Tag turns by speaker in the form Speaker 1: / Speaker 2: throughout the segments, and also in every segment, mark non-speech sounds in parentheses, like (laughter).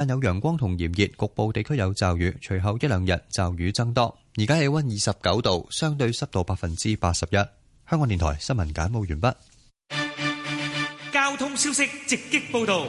Speaker 1: 但有陽光同炎熱，局部地區有驟雨，隨後一兩日驟雨增多。而家氣溫二十九度，相對濕度百分之八十一。香港電台新聞簡報完畢。
Speaker 2: 交通消息直擊報道。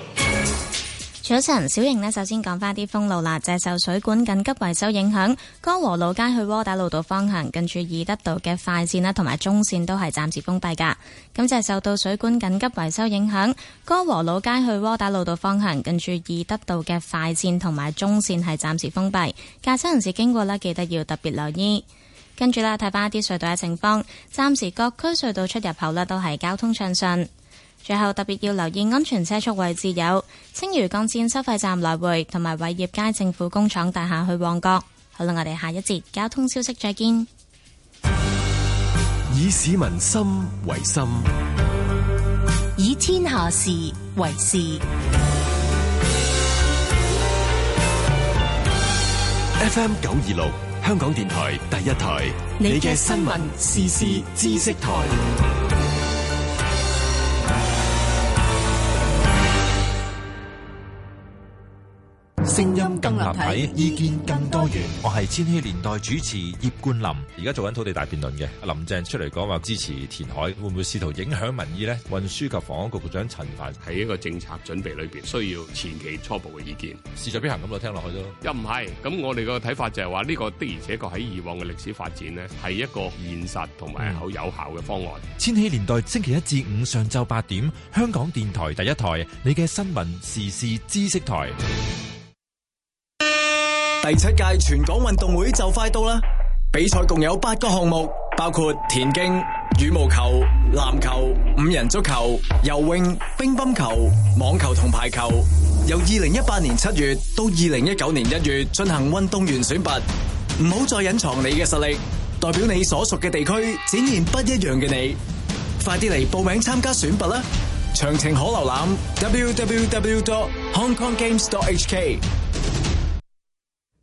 Speaker 3: 早晨，小瑩呢，首先講返啲封路啦。就係受水管緊急維修影響，哥和老街去窩打路道方向，近住義德道嘅快綫啦，同埋中綫都係暫時封閉噶。咁就係受到水管緊急維修影響，哥和老街去窩打路道方向，近住義德道嘅快綫同埋中綫係暫時封閉。駕車人士經過呢，記得要特別留意。跟住啦，睇返一啲隧道嘅情況，暫時各區隧道出入口呢，都係交通暢順。最後特別要留意安全車速位置，有青嶼幹線收費站來回，同埋偉業街政府工廠大廈去旺角。好啦，我哋下一節交通消息再見。
Speaker 4: 以市民心為心，
Speaker 3: 以天下事為事。
Speaker 4: FM 九二六香港電台第一台，你嘅新聞時事知識台。
Speaker 1: 聲音更立體，
Speaker 5: 意
Speaker 6: 見更多元。
Speaker 5: 我係千禧年代主持葉冠霖，而家做緊土地大辯論嘅林鄭出嚟講話支持填海，會唔會試圖影響民意呢？
Speaker 4: 運輸及房屋局局長陳凡喺一個政策準備裏邊，需要前期初步嘅意見，事在必行咁，我聽落去咯。又唔係咁，那我哋個睇法就係話呢個的而且確喺以往嘅歷史發展呢，係一個現實同埋好有效嘅方案。嗯。
Speaker 5: 千禧年代星期一至五上
Speaker 4: 晝八點，香港電台第一台，你嘅新聞時事知識台。第七屆全港運動會就快到啦！比賽共有八個項目，包括田徑、羽毛球、籃球、五人足球、游泳、乒乓球、網球同排球。由二零一八年七月到二零一九年一月進行運動員選拔。唔好再隱藏你嘅實力，代表你所屬嘅地區展現不一樣嘅你。快啲嚟報名參加選拔啦！詳情可瀏覽 www.hongkonggames.hk。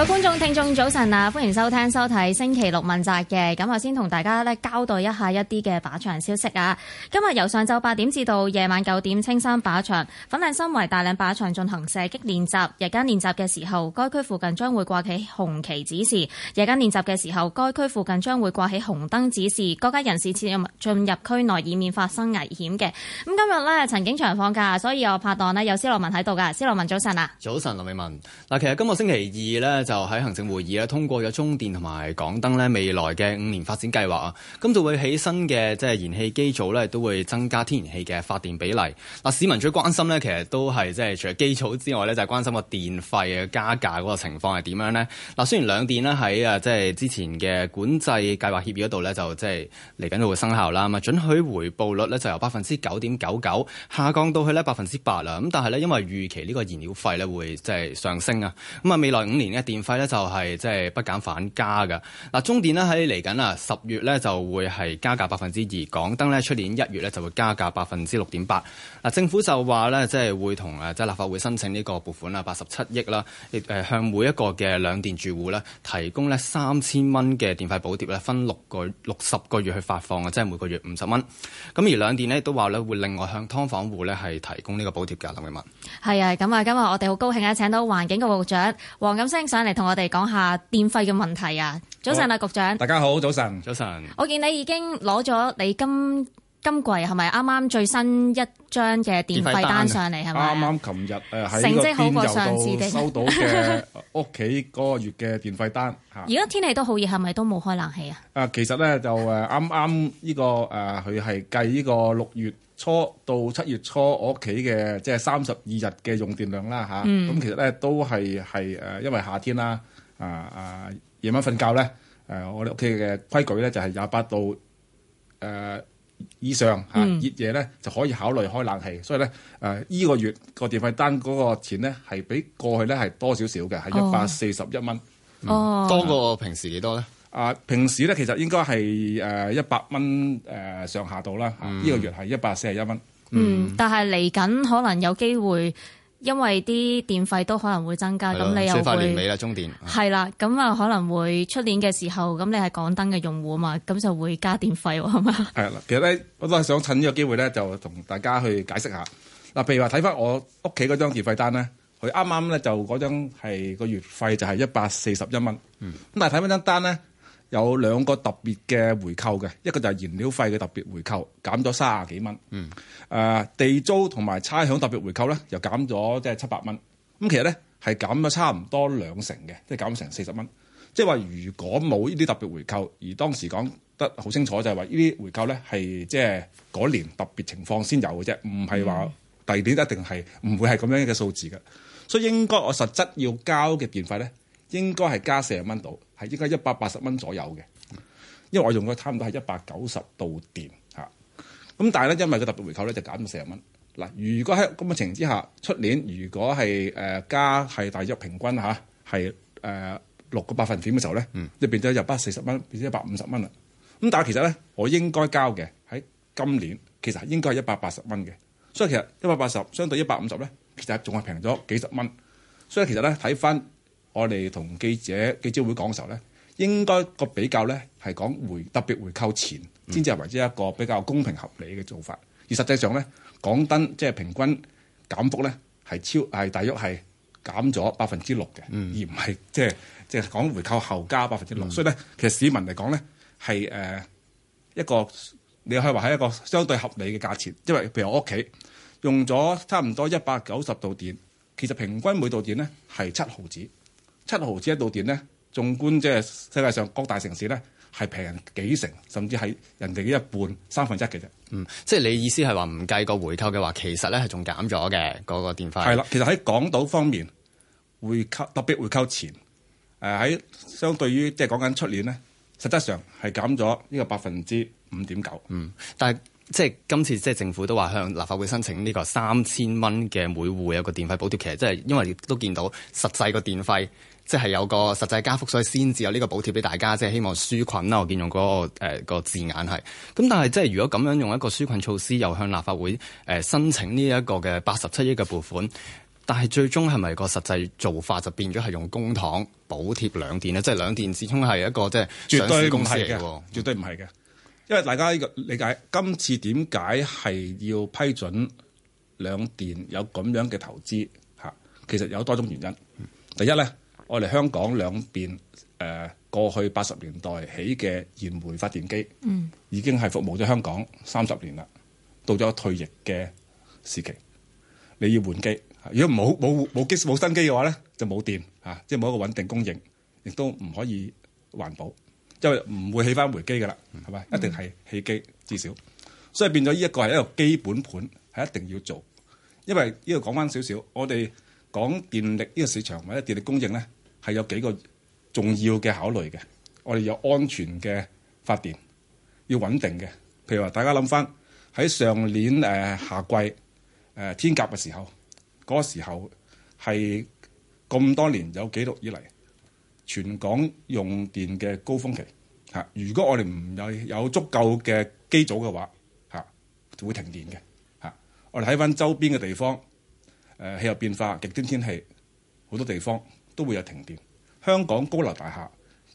Speaker 7: 各位觀眾、聽眾，早晨啊！歡迎收聽、收睇星期六問責嘅。咁，我先同大家咧交代一下一啲嘅靶場消息啊。今日由上晝八點至到夜晚九點，青山靶場、粉嶺新圍、大嶺靶場進行射擊練習。日間練習嘅時候，該區附近將會掛起紅旗指示；夜間練習嘅時候，該區附近將會掛起紅燈指示，各家人士切勿進入區內，以免發生危險嘅。咁今日呢，陳景祥放假，所以我拍檔呢，有蕭洛汶喺度噶。蕭洛汶，早晨啊！早晨，林詠雯。
Speaker 4: 嗱，其實今日星期二呢。就喺行政會議咧通過咗中電同埋港燈咧未來嘅五年發展計劃啊，咁就會起新嘅即係燃氣機組咧都會增加天然氣嘅發電比例。嗱，市民最關心咧其實都係即係除咗機組之外咧就係、是、關心個電費嘅加價嗰個情況係點樣咧？嗱，雖然兩電咧喺啊即係之前嘅管制計劃協議嗰度咧就即係嚟緊都會生效啦，咁啊准許回報率咧就由百分之九點九九下降到去咧百分之八啦，咁但係咧因為預期呢個燃料費咧會即係上升啊，咁啊未來五年嘅電電費咧就係即係不減反加噶，嗱，中電呢喺嚟緊啊十月呢就會係加價百分之二，港燈呢出年一月呢就會加價百分之六點八嗱。政府就話呢即係會同即係立法會申請呢個撥款啦，八十七億啦，亦向每一個嘅兩電住戶呢提供呢三千蚊嘅電費補貼呢，分六個六十個月去發放，即係每個月五十蚊。咁而兩電呢都話呢會另外向劏房戶呢係提供呢個補貼嘅。林詠雯
Speaker 7: 係啊，咁啊，今日我哋好高興啊，請到環境局局長黃錦星翻嚟同我哋講下電費嘅問題啊！早晨啊，局長，大家
Speaker 4: 好，早晨，早晨。
Speaker 7: 我見你已經攞咗你今今季係咪啱啱最新一張嘅電費單上嚟，係咪？啱啱
Speaker 5: 琴日誒喺個電郵度成績好過上次， (laughs) 收到嘅屋企嗰個月嘅電費單。而家
Speaker 7: 天氣都好熱，係咪都冇開冷氣
Speaker 5: 啊？誒，其實咧就誒啱啱呢個誒佢係計呢個六月。初到七月初我，我屋企嘅即係三十二日嘅用電量啦嚇，咁、嗯、其實咧都係係誒，因為夏天啦、呃呃呃呃，啊啊夜晚瞓覺咧，誒我哋屋企嘅規矩咧就係廿八度誒以上嚇，熱夜咧就可以考慮開冷氣，所以咧誒依個月個電費單嗰個錢咧係比過去咧係多少少嘅，係一百四十一蚊。哦嗯哦、多過平時幾多咧？啊，平時咧其實應該係誒一百蚊誒上下度啦，呢、嗯呢個月係一百四十一蚊。嗯，
Speaker 7: 但係嚟緊可能有機會，因為啲電費都可能會增加，咁、嗯、你又會。快年尾啦，
Speaker 4: 中電。
Speaker 7: 係啦，咁啊可能會出年嘅時候，咁你係港燈嘅用戶嘛，咁就會加電費喎，係嘛？
Speaker 5: 係、嗯、啦， (laughs) 其實咧我都係想趁呢個機會咧，就同大家去解釋一下嗱、啊，譬如話睇翻我屋企嗰張電費單咧，佢啱啱咧就嗰張係、嗰個月費就係一百四十一蚊。咁、嗯、但係睇翻張單咧。有兩個特別嘅回扣嘅，一個就係燃料費嘅特別回扣，減咗卅啊幾蚊。嗯。誒、呃，地租同埋差餉特別回扣咧，又減咗即係七百蚊。咁其實咧係減咗差唔多兩成嘅，即係減成四十蚊。即係話如果冇呢啲特別回扣，而當時講得好清楚就係話呢啲回扣咧係即係嗰年特別情況先有嘅啫，唔係話第二年一定係唔、嗯、會係咁樣嘅數字嘅。所以應該我實質要交嘅電費咧。應該係加四十蚊度，係應該一百八十蚊左右嘅。因為我用嘅差唔多係一百九十度電嚇。咁但係咧，因為個特別回扣咧就減咗四十蚊嗱。如果喺咁嘅情況之下，出年如果係誒加係大約平均嚇係誒六個百分點嘅時候咧，就、嗯、變咗一百四十蚊變咗一百五十蚊啦。咁但係其實咧，我應該交嘅喺今年其實應該係一百八十蚊嘅，所以其實一百八十相對一百五十咧，其實仲係平咗幾十蚊。所以其實咧睇翻。我哋同記者記招會講嘅時候咧，應該個比較咧係講回特別回扣前，先至係為之一個比較公平合理嘅做法。而實際上咧，港燈即係、就是、平均減幅咧係超係大約係減咗百分之六嘅，而唔係即係即係講回扣後加百分之六。所以咧，其實市民嚟講咧係誒一個你可以話係一個相對合理嘅價錢，因為譬如我屋企用咗差唔多一百九十度電，其實平均每度電咧係七毫子。七毫子一度電咧，縱觀即係世界上各大城市咧，係平幾成，甚至係
Speaker 4: 人哋嘅一半、三分之一嘅啫。嗯，即係你意思係話唔計個回扣嘅話，其實咧係仲減咗嘅嗰個電費。
Speaker 5: 係啦，其實
Speaker 1: 喺
Speaker 4: 港島方面，回扣特別回扣前，誒喺相對於即係講緊出年咧，實質上係減咗呢個百分之五點九。嗯，但係即係今次即係政府都話向立法會申請呢個三千蚊嘅每戶有個電費補貼，其實即係因為都見到實際個電費。即係有個實際加幅，所以先至有呢個補貼俾大家。即係希望紓困啦。我見用嗰、嗰個呃嗰個字眼係咁，但係即係如果咁樣用一個紓困措施，又向立法會誒申請呢一個嘅八十七億嘅撥款，但係最終係咪個實際做法就變咗係用公帑補貼兩電咧？即係兩電始終係一個即係上市公司嚟嘅，絕對唔係嘅。嗯、
Speaker 5: 因為大家呢個理解今次點解係要批准兩電有咁樣嘅投資吓？其實有多種原因。第一咧。我哋香港兩邊誒、呃、過去八十年代起嘅燃煤發電機，
Speaker 3: 嗯、
Speaker 5: 已經係服務咗香港三十年啦，到咗退役嘅時期，你要換機。如果冇冇冇機冇新機嘅話咧，就冇電、啊、即係冇一個穩定供應，亦都唔可以環保，因為唔會起翻煤機噶啦，係、嗯、咪？一定係起機至少、嗯，所以變咗呢一個係一個基本盤係一定要做。因為呢度講翻少少，我哋講電力呢個市場或者電力供應咧。係有幾個重要嘅考慮嘅。我哋有安全嘅發電，要穩定嘅。譬如話，大家諗翻喺上年誒、呃、夏季誒、呃、天鴿嘅時候，嗰個時候係咁多年有記錄以嚟全港用電嘅高峰期嚇、啊。如果我哋唔有有足夠嘅機組嘅話嚇，就、啊、會停電嘅嚇、啊。我哋睇翻周邊嘅地方誒、啊，氣候變化、極端天氣好多地方。都會有停電。香港高樓大廈，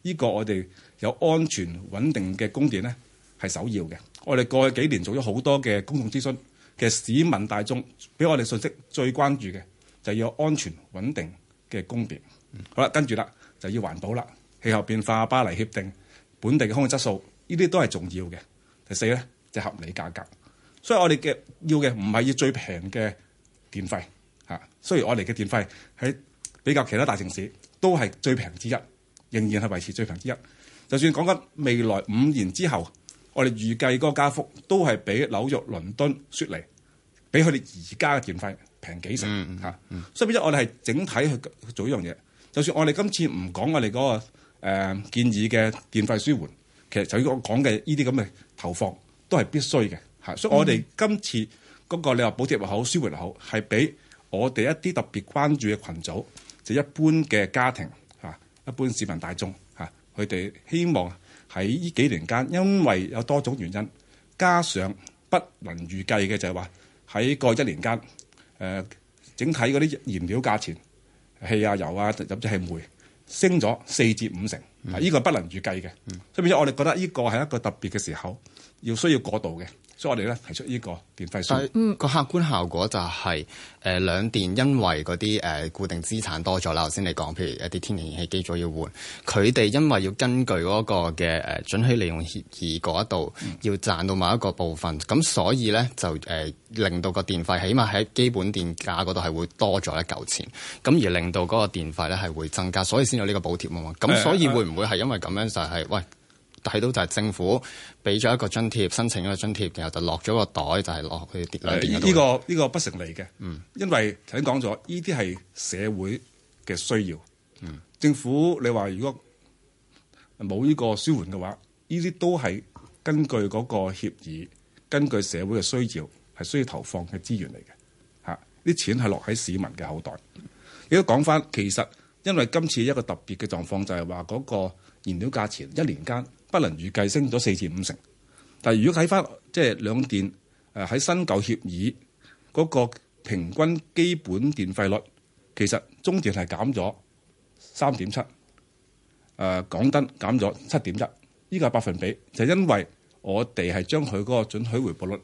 Speaker 5: 呢、這個我哋有安全穩定嘅供電呢係首要嘅。我哋過去幾年做咗好多嘅公共諮詢，其實市民大眾俾我哋信息，最關注嘅，就要有安全穩定嘅供電。嗯、好啦，跟住啦，就要環保啦，氣候變化、巴黎協定、本地嘅空氣質素，呢啲都係重要嘅。第四呢，就是、合理價格。所以我哋嘅要嘅唔係要最平嘅電費吓，雖、啊、然我哋嘅電費喺比較其他大城市都係最平之一，仍然係維持最平之一。就算講緊未來五年之後，我哋預計嗰個加幅都係比紐約、倫敦、雪梨比佢哋而家嘅電費平幾成嚇、嗯嗯。所以變咗我哋係整體去做一樣嘢。就算我哋今次唔講我哋嗰、嗰個、呃、建議嘅電費舒緩，其實就我講嘅呢啲咁嘅投放都係必須嘅嚇。所以我哋今次嗰、嗰個你話補貼又好、舒緩又好，係俾我哋一啲特別關注嘅群組。就一般嘅家庭嚇，一般市民大眾嚇，佢哋希望喺呢幾年間，因為有多種原因，加上不能預計嘅就係話喺過一年間誒，整體嗰啲燃料價錢、氣啊、油啊，甚至係煤升咗四至五成，呢個，嗯，不能預計嘅，所以而我哋覺得呢個係一個特別嘅時候，
Speaker 4: 要需要過渡
Speaker 5: 嘅。所以我哋咧提出呢
Speaker 4: 個電費稅，個客觀效果就係、是、誒、呃、兩電因為嗰啲誒固定資產多咗啦，頭先你講，譬如一啲天然氣機組要換，佢哋因為要根據嗰個嘅誒準許利用協議嗰度、嗯、要賺到某一個部分，咁所以咧就誒、呃、令到個電費起碼喺基本電價嗰度係會多咗一嚿錢，咁而令到嗰個電費咧係會增加，所以先有呢個補貼嘛，咁所以會唔會係因為咁樣就係、是、喂？睇到就係政府俾咗一個津貼，申請一個津貼，然後就落咗個袋，就係落去兩點幾度呢個呢、這個
Speaker 5: 這個不成理嘅，嗯，因為頭先講咗，呢啲係社會嘅需要，嗯，政府你話如果冇呢個舒緩嘅話，呢啲都係根據嗰個協議，根據社會嘅需要係需要投放嘅資源嚟嘅嚇。啲、啊、錢係落喺市民嘅口袋。亦都講翻，其實因為今次一個特別嘅狀況就係話嗰個燃料價錢一年間。不能預計升咗四至五成，但係如果睇翻即係兩電誒喺新舊協議嗰、那個平均基本電費率，其實中電係減咗三點七誒，港燈減咗七點一，呢個百分比就是、因為我哋係將佢嗰個準許回報率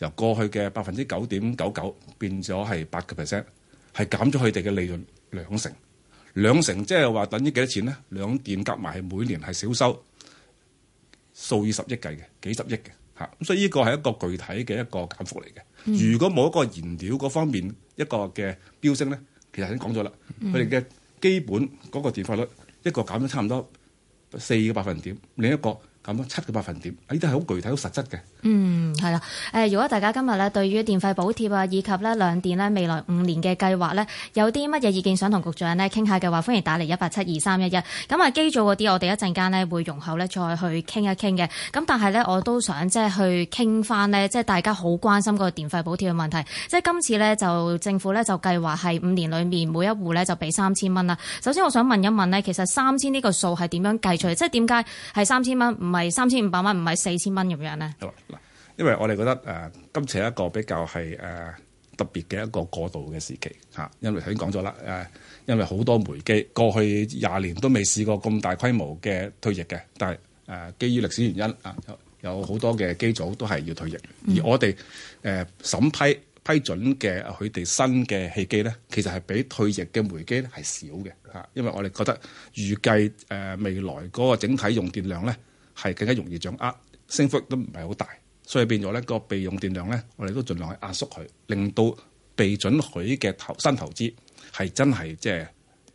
Speaker 5: 由過去嘅百分之九點九九變咗係八個 percent，係減咗佢哋嘅利潤兩成兩成，即係話等於幾多錢呢？兩電夾埋係每年係少收。數以十億計嘅，幾十億嘅，咁所以呢個係一個具體嘅一個減幅嚟嘅、嗯。如果冇一個燃料嗰方面一個嘅飆升咧，其實已經講咗啦，佢哋嘅基本嗰個電費率一個減咗差唔多四個百分點，另一個。咁七個百分點，呢啲係好具體、好實質嘅。
Speaker 7: 嗯，係啦。誒，如果大家今日呢對於電費補貼啊，以及呢兩電呢未來五年嘅計劃呢有啲乜嘢意見想同局長呢傾下嘅話，歡迎打嚟一八七二三一一。咁啊，基組嗰啲，我哋一陣間呢會容後呢再去傾一傾嘅。咁但係呢，我都想即係去傾翻呢，即係大家好關心個電費補貼嘅問題。即係今次呢，就政府呢，就計劃係五年裏面每一戶呢，就俾三千蚊啦。首先我想問一問呢，其實三千呢個數係點樣計出嚟？即係點解係三千蚊？唔係三千五百蚊，唔係四千蚊咁樣咧。
Speaker 5: 因為我哋覺得誒、呃、今次係一個比較係誒、呃、特別嘅一個過渡嘅時期嚇、啊，因為頭先講咗啦誒，因為好多煤機過去廿年都未試過咁大規模嘅退役嘅，但係誒、呃、基於歷史原因啊，有好多嘅機組都係要退役，嗯、而我哋誒、呃、審批批准嘅佢哋新嘅氣機咧，其實係比退役嘅煤機咧係少嘅嚇、啊，因為我哋覺得預計誒未來嗰個整體用電量咧，係更加容易掌握，升幅都唔係好大，所以變咗呢個備用電量呢，我哋都盡量去壓縮佢，令到被準許嘅投新投資係真係即係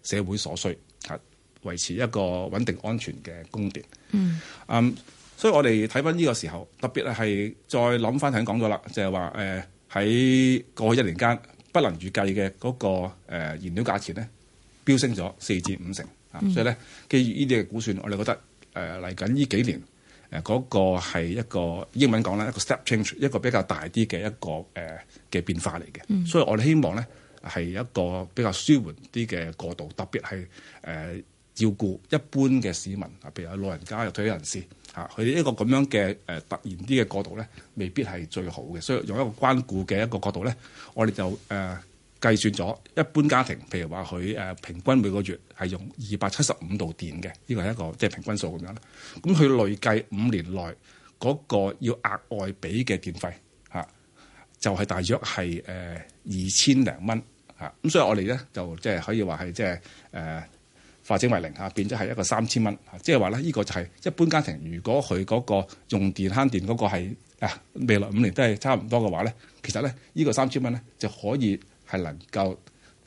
Speaker 5: 社會所需，嚇，維持一個穩定安全嘅供電。嗯，um, 所以我哋睇返呢個時候，特別係再諗返頭先講咗啦，就係話誒喺過去一年間不能預計嘅嗰個燃料價錢呢，飆升咗四至五成啊！所以呢基於呢啲嘅估算，我哋覺得。誒嚟緊呢幾年，誒、那、嗰個係一個英文講咧，一個 step change，一個比較大啲嘅一個誒嘅、呃、變化嚟嘅、嗯。所以我哋希望咧係一個比較舒緩啲嘅過渡，特別係誒、呃、照顧一般嘅市民，譬如係老人家、又退休人士嚇，佢、啊、哋一個咁樣嘅誒、呃、突然啲嘅過渡咧，未必係最好嘅。所以用一個關顧嘅一個角度咧，我哋就誒。呃計算咗一般家庭，譬如話佢誒平均每個月係用二百七十五度電嘅，呢個係一個即係、就是、平均數咁樣啦。咁佢累計五年內嗰個要額外俾嘅電費嚇，就係、是、大約係誒二千零蚊嚇。咁所以我哋咧就即係可以話係即係誒化整為零嚇，變咗係一個三千蚊。即係話咧，呢個就係一般家庭如果佢嗰個用電慳電嗰個係啊未來五年都係差唔多嘅話咧，其實咧呢個三千蚊咧就可以。係能夠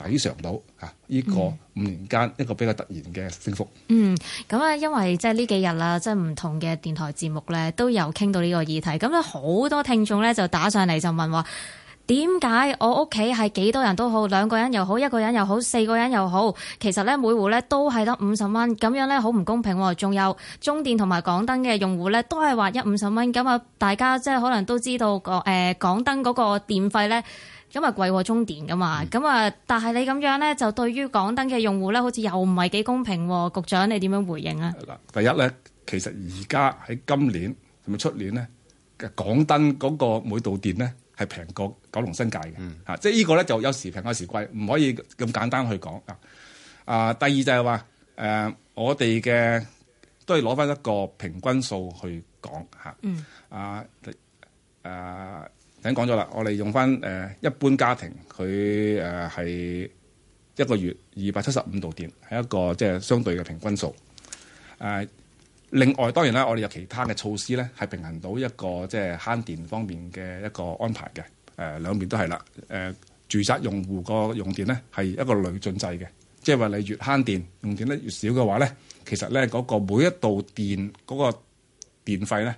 Speaker 5: 抵償到啊呢個五年間一個比較突然嘅升幅。
Speaker 7: 嗯，咁啊，因為即係呢幾日啦，即係唔同嘅電台節目咧，都有傾到呢個議題。咁咧好多聽眾咧就打上嚟就問話：點解我屋企係幾多人都好，兩個人又好，一個人又好，四個人又好，其實咧每戶咧都係得五十蚊，咁樣咧好唔公平喎？仲有中電同埋港燈嘅用戶咧，都係話一五十蚊。咁啊，大家即係可能都知道個誒港燈嗰個電費咧。咁啊，貴過中電㗎嘛？咁、嗯、啊，但係你咁樣咧，就對於港燈嘅用戶咧，好似又唔係幾公平喎，局長你點樣回應啊？嗱，
Speaker 5: 第一咧，其實而家喺今年同埋出年咧嘅港燈嗰個每度電咧係平過九龍新界嘅，嚇、嗯，即係呢個咧就有時平有時貴，唔可以咁簡單去講啊。啊，第二就係話誒，我哋嘅都係攞返一個平均數去講嚇、嗯，啊，誒、啊。等講咗啦，我哋用翻誒、呃、一般家庭，佢誒係一個月二百七十五度電，係一個即係相對嘅平均數。誒、呃，另外當然啦，我哋有其他嘅措施咧，係平衡到一個即係慳電方面嘅一個安排嘅。誒、呃，兩邊都係啦。誒、呃，住宅用戶個用電咧係一個累進制嘅，即係話你越慳電用電咧越少嘅話咧，其實咧嗰、那個每一度電嗰、那個電費咧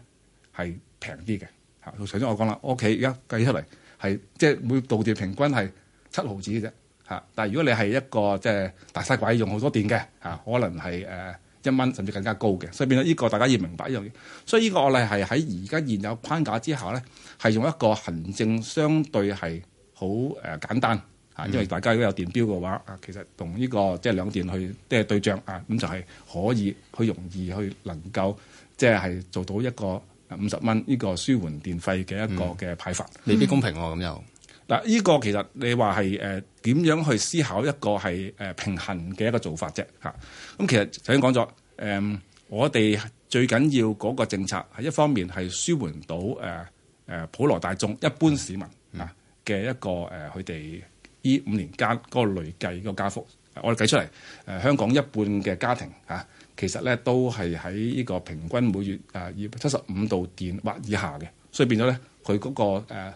Speaker 5: 係平啲嘅。是啊，頭先我講啦，屋企而家計出嚟係即係每度電平均係七毫子嘅啫，嚇！但係如果你係一個即係大嘥鬼用好多電嘅，嚇，可能係誒一蚊甚至更加高嘅。所以變咗呢個大家要明白一樣嘢。所以呢、這個我例係喺而家現有框架之下咧，係用一個行政相對係好誒簡單嚇，因為大家如果有電表嘅話，啊，其實同呢、這個即係兩電去即係對賬啊，咁就係可以去容易去能夠即係係做到一個。五十蚊呢個舒緩電費嘅一個嘅派發，未必公平喎。咁又嗱，呢個其實你話係誒點樣去思考一個係誒平衡嘅一個做法啫嚇？咁其實頭先講咗誒，我哋最緊要嗰個政策係一方面係舒緩到誒誒普羅大眾一般市民啊嘅一個誒佢哋依五年間嗰、嗰個累計嗰個加幅，我哋計出嚟誒香港一半嘅家庭嚇。其實咧都係喺呢個平均每月誒二百七十五度電或以下嘅，所以變咗咧佢嗰個誒、呃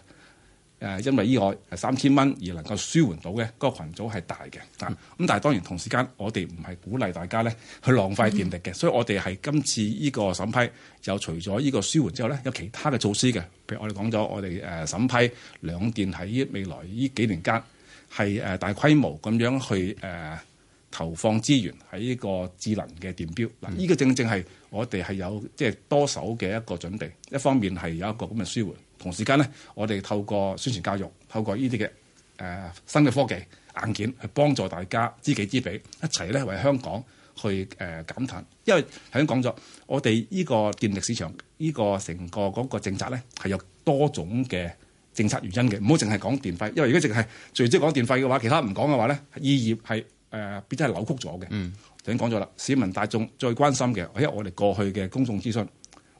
Speaker 5: 呃、因為依個三千蚊而能夠舒緩到嘅嗰、嗰個群組係大嘅，咁、嗯、但係當然同時間我哋唔係鼓勵大家咧去浪費電力嘅，所以我哋係今次呢個審批就除咗呢個舒緩之後咧，有其他嘅措施嘅，譬如我哋講咗我哋誒審批兩電喺未來呢幾年間係、呃、大規模咁樣去誒。呃投放資源喺呢個智能嘅電表嗱，依、呢個正正係我哋係有即係多手嘅一個準備。一方面係有一個咁嘅舒緩，同時間咧，我哋透過宣傳教育，透過呢啲嘅誒新嘅科技硬件去幫助大家知己知彼，一齊咧為香港去誒、呃、減碳。因為頭先講咗，我哋呢個電力市場呢、呢個成個嗰個政策咧係有多種嘅政策原因嘅，唔好淨係講電費。因為如果淨係聚焦講電費嘅話，其他唔講嘅話咧，意業係。誒、呃，變咗係扭曲咗嘅。頭先講咗啦，市民大眾最關心嘅，喺我哋過去嘅公眾諮詢，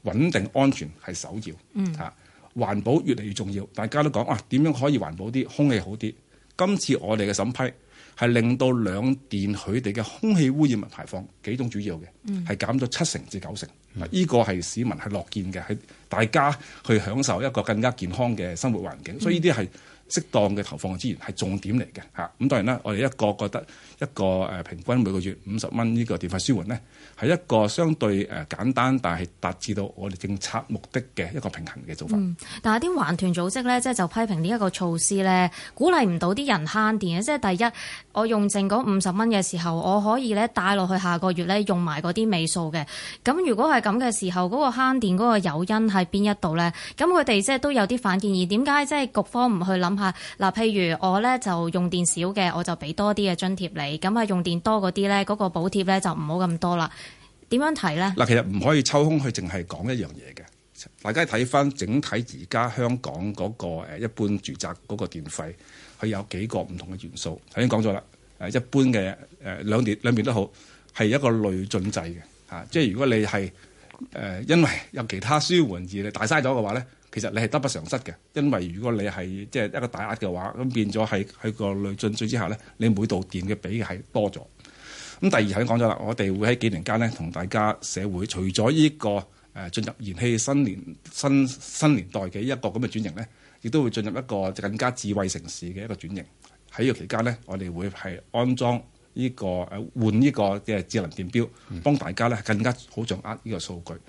Speaker 5: 穩定安全係首要。嚇、嗯啊，環保越嚟越重要，大家都講哇，點、啊、樣可以環保啲，空氣好啲。今次我哋嘅審批係令到兩電佢哋嘅空氣污染物排放幾種主要嘅，係、嗯、減咗七成至九成。呢、嗯啊呢個係市民係樂見嘅，係大家去享受一個更加健康嘅生活環境。嗯、所以呢啲係。適當嘅投放資源係重點嚟嘅嚇，咁當然啦，我哋一個覺得一個誒平均每個月五十蚊呢個電費舒緩呢係一個相對誒簡單，但係達至到我哋政策目的嘅一個平衡
Speaker 7: 嘅做法。嗯，但係啲環團組織呢，即係就批評呢一個措施呢，鼓勵唔到啲人慳電，即係第一，我用剩嗰五十蚊嘅時候，我可以呢帶落去下個月呢用埋嗰啲尾數嘅。咁如果係咁嘅時候，嗰、嗰個慳電嗰個誘因喺邊一度呢？咁佢哋即係都有啲反建議，點解即係局方唔去諗？嚇、啊、嗱，譬如我咧就用電少嘅，我就俾多啲嘅津貼你。咁啊，用電多嗰啲咧，嗰、那個補貼咧就唔好咁多啦。點樣睇咧？嗱，其實
Speaker 5: 唔可以抽空去淨係講一樣嘢嘅。大家睇翻整體而家香港嗰個一般住宅嗰個電費，佢有幾個唔同嘅元素。頭先講咗啦，誒一般嘅誒兩電兩邊都好，係一個累進制嘅嚇、啊。即係如果你係誒、呃、因為有其他舒緩而你大嘥咗嘅話咧。其實你係得不償失嘅，因為如果你係即係一個打壓嘅話，咁變咗係喺個累進稅之下咧，你每度電嘅比係多咗。咁第二係講咗啦，我哋會喺幾年間咧同大家社會，除咗呢、這個誒、啊、進入燃氣新年新新年代嘅一個咁嘅轉型咧，亦都會進入一個更加智慧城市嘅一個轉型。喺呢個期間咧，我哋會係安裝呢、這個誒換呢個嘅智能電表，幫大家咧更加好掌握呢個數據。嗯、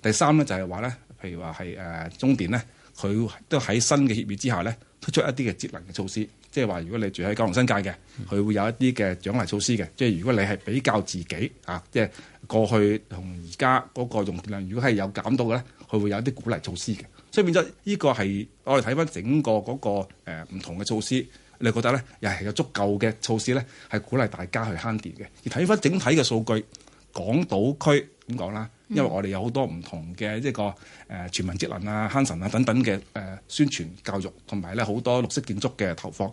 Speaker 5: 第三咧就係話咧。譬如話係誒中電咧，佢都喺新嘅協議之下咧，推出一啲嘅節能嘅措施。即係話，如果你住喺九龍新界嘅，佢會有一啲嘅獎勵措施嘅。即係如果你係比較自己啊，即係過去同而家嗰個用電量，如果係有減到嘅咧，佢會有一啲鼓勵措施嘅。所以變咗呢個係我哋睇翻整個嗰個誒唔同嘅措施，你覺得咧又係有足夠嘅措施咧，係鼓勵大家去慳電嘅。而睇翻整體嘅數據，港島區點講啦？因為我哋有好多唔同嘅一個、呃、全民節能啊、慳神啊等等嘅、呃、宣傳教育，同埋咧好多綠色建築嘅投放。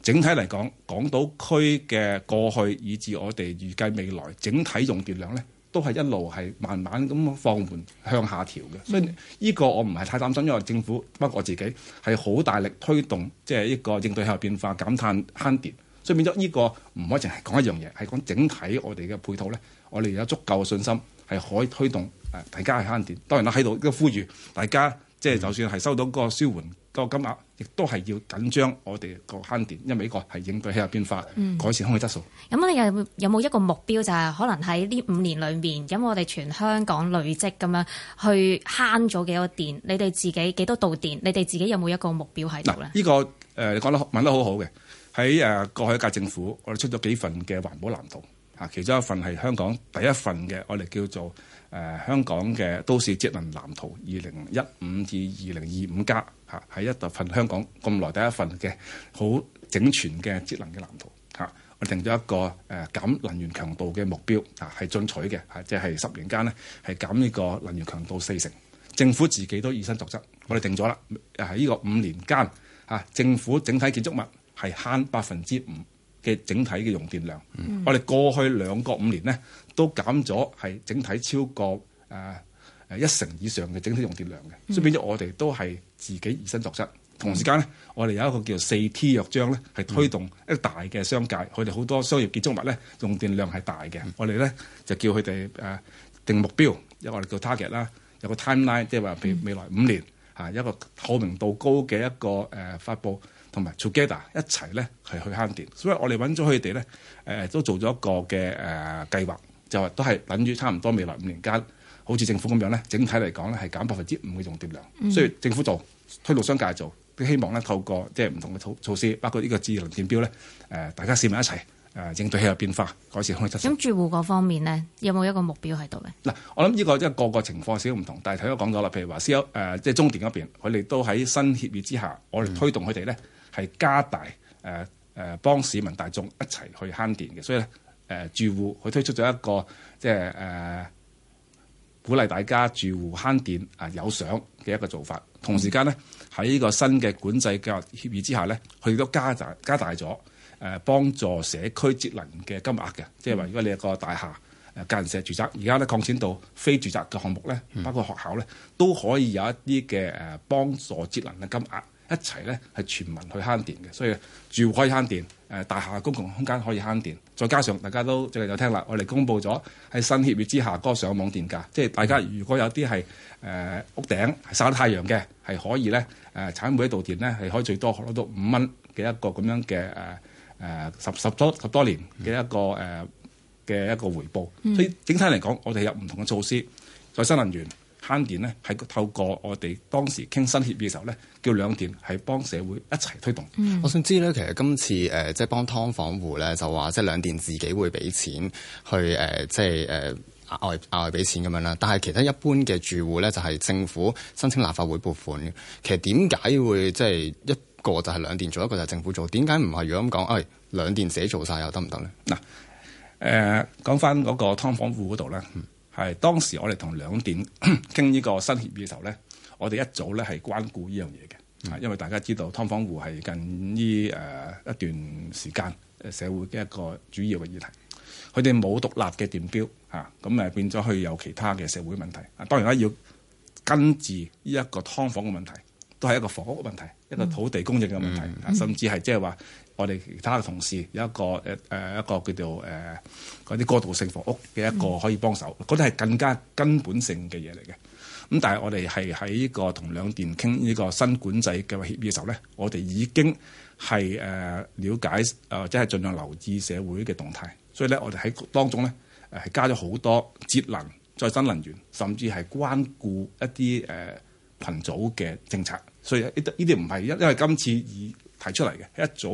Speaker 5: 整體嚟講，港島區嘅過去以至我哋預計未來整體用電量咧，都係一路係慢慢咁放緩向下調嘅。所以呢、呢個我唔係太擔心，因為政府包括我自己係好大力推動，即、就、係、是、一個應對氣候變化、減碳慳電。所以變咗呢、呢個唔可以淨係講一樣嘢，係講整體我哋嘅配套咧，我哋有足夠嘅信心。係可以推動誒大家係慳電。當然啦，喺度都呼籲大家，即係就算係收到嗰個舒緩嗰個金額，亦都係要緊張我哋個慳電，因為呢個係應對氣候變化，改善空氣質素。
Speaker 7: 咁、嗯、你有冇一個目標就係可能喺呢五年裏面，咁我哋全香港累積咁樣去慳咗幾多電？你哋自己幾多度電？你哋自己有冇一個目標喺度咧？
Speaker 5: 呢、這個誒你講得問得好好嘅，喺誒過去一屆政府，我哋出咗幾份嘅環保藍圖。啊，其中一份係香港第一份嘅，我哋叫做、呃、香港嘅都市節能藍圖二零一五至二零二五加，嚇係一份香港咁耐第一份嘅好整全嘅節能嘅藍圖、啊、我我定咗一個、啊、減能源強度嘅目標，嚇、啊、係進取嘅嚇、啊，即係十年間呢係減呢個能源強度四成。政府自己都以身作則，我哋定咗啦，喺呢個五年間、啊、政府整體建築物係慳百分之五。嘅整體嘅用電量，嗯、我哋過去兩個五年呢都減咗係整體超過誒、呃、一成以上嘅整體用電量嘅、嗯，所以變咗我哋都係自己以身作則。同時間呢，我哋有一個叫四 T 約章咧，係推動一個大嘅商界，佢哋好多商業建築物咧用電量係大嘅、嗯，我哋咧就叫佢哋誒定目標，因為我哋叫 target 啦，有個 timeline，即係話譬如未來五年嚇、嗯、一個透明度高嘅一個誒、呃、發布。同埋 Together 一齊咧係去慳電，所以我哋揾咗佢哋咧，都做咗一個嘅、呃、計劃，就係都係等於差唔多未來五年間，好似政府咁樣咧，整體嚟講咧係減百分之五嘅用電量、嗯。所以政府做，推動商界做，希望咧透過即係唔同嘅措措施，包括呢個智能電表咧，
Speaker 7: 誒、呃、大家
Speaker 5: 市民一齊誒、呃、應對氣候變化，改善空氣質素。咁
Speaker 7: 住戶嗰方面咧，有冇一個目標喺度咧？
Speaker 5: 嗱，我諗呢個即係個,個個情況少少唔同，但係頭先講咗啦，譬如話 C O、呃、即係中電嗰邊，佢哋都喺新協議之下，嗯、我哋推動佢哋咧。係加大誒誒、呃、幫市民大眾一齊去慳電嘅，所以咧誒、呃、住戶佢推出咗一個即係誒、呃、鼓勵大家住戶慳電啊、呃、有相嘅一個做法。同時間呢，喺呢個新嘅管制計劃協議之下呢，佢都加大加大咗誒幫助社區節能嘅金額嘅。即係話如果你一個大廈誒個人社住宅，而家呢擴展到非住宅嘅項目咧，包括學校咧，都可以有一啲嘅誒幫助節能嘅金額。一齊咧係全民去慳電嘅，所以住戶可以慳電、呃，大廈公共空間可以慳電，再加上大家都最近有聽啦，我哋公布咗喺新協議之下，嗰個上網電價，即、就、係、是、大家如果有啲係、呃、屋頂曬得太陽嘅，係可以咧誒、呃、產每一度電咧係可以最多攞到五蚊嘅一個咁樣嘅、呃、十十多十多年嘅一個嘅、呃、一個回報，嗯、所以整體嚟講，我哋有唔同嘅措施再新能源。慳電咧，喺透過我哋當時
Speaker 4: 傾新協議嘅時候咧，叫兩電係幫社會一齊推動、嗯。我想知咧，其實今次誒即係幫劏房戶咧，就話即係兩電自己會俾錢去誒，即係誒額外額外俾錢咁樣啦。但係其他一般嘅住戶咧，就係政府申請立法會撥款嘅。其實點解會即係、就是、一個就係兩電做，一個就係政府做？點解唔係如果咁講？誒、哎，兩電自己做晒又得唔得咧？嗱、呃，誒講翻嗰個劏房戶嗰度
Speaker 5: 咧。嗯。係當時我哋同兩電傾呢個新協議嘅時候咧，我哋一早咧係關顧呢樣嘢嘅，因為大家知道㓥房戶係近呢誒、呃、一段時間社會嘅一個主要嘅議題。佢哋冇獨立嘅電表嚇，咁、啊、誒變咗佢有其他嘅社會問題。啊，當然啦，要根治呢一個劏房嘅問題，都係一個房屋嘅問題，一個土地供應嘅問題，嗯啊、甚至係即係話。我哋其他嘅同事有一個誒誒、呃、一個叫做誒啲過渡性房屋嘅一個可以幫手，嗰啲係更加根本性嘅嘢嚟嘅。咁但係我哋係喺呢個同兩電傾呢個新管制嘅協議嘅時候咧，我哋已經係誒了解啊，即、呃、係盡量留意社會嘅動態。所以咧，我哋喺當中咧係、呃、加咗好多節能再生能源，甚至係關顧一啲誒群組嘅政策。所以呢啲呢啲唔係，因因為今次以。提出嚟嘅一早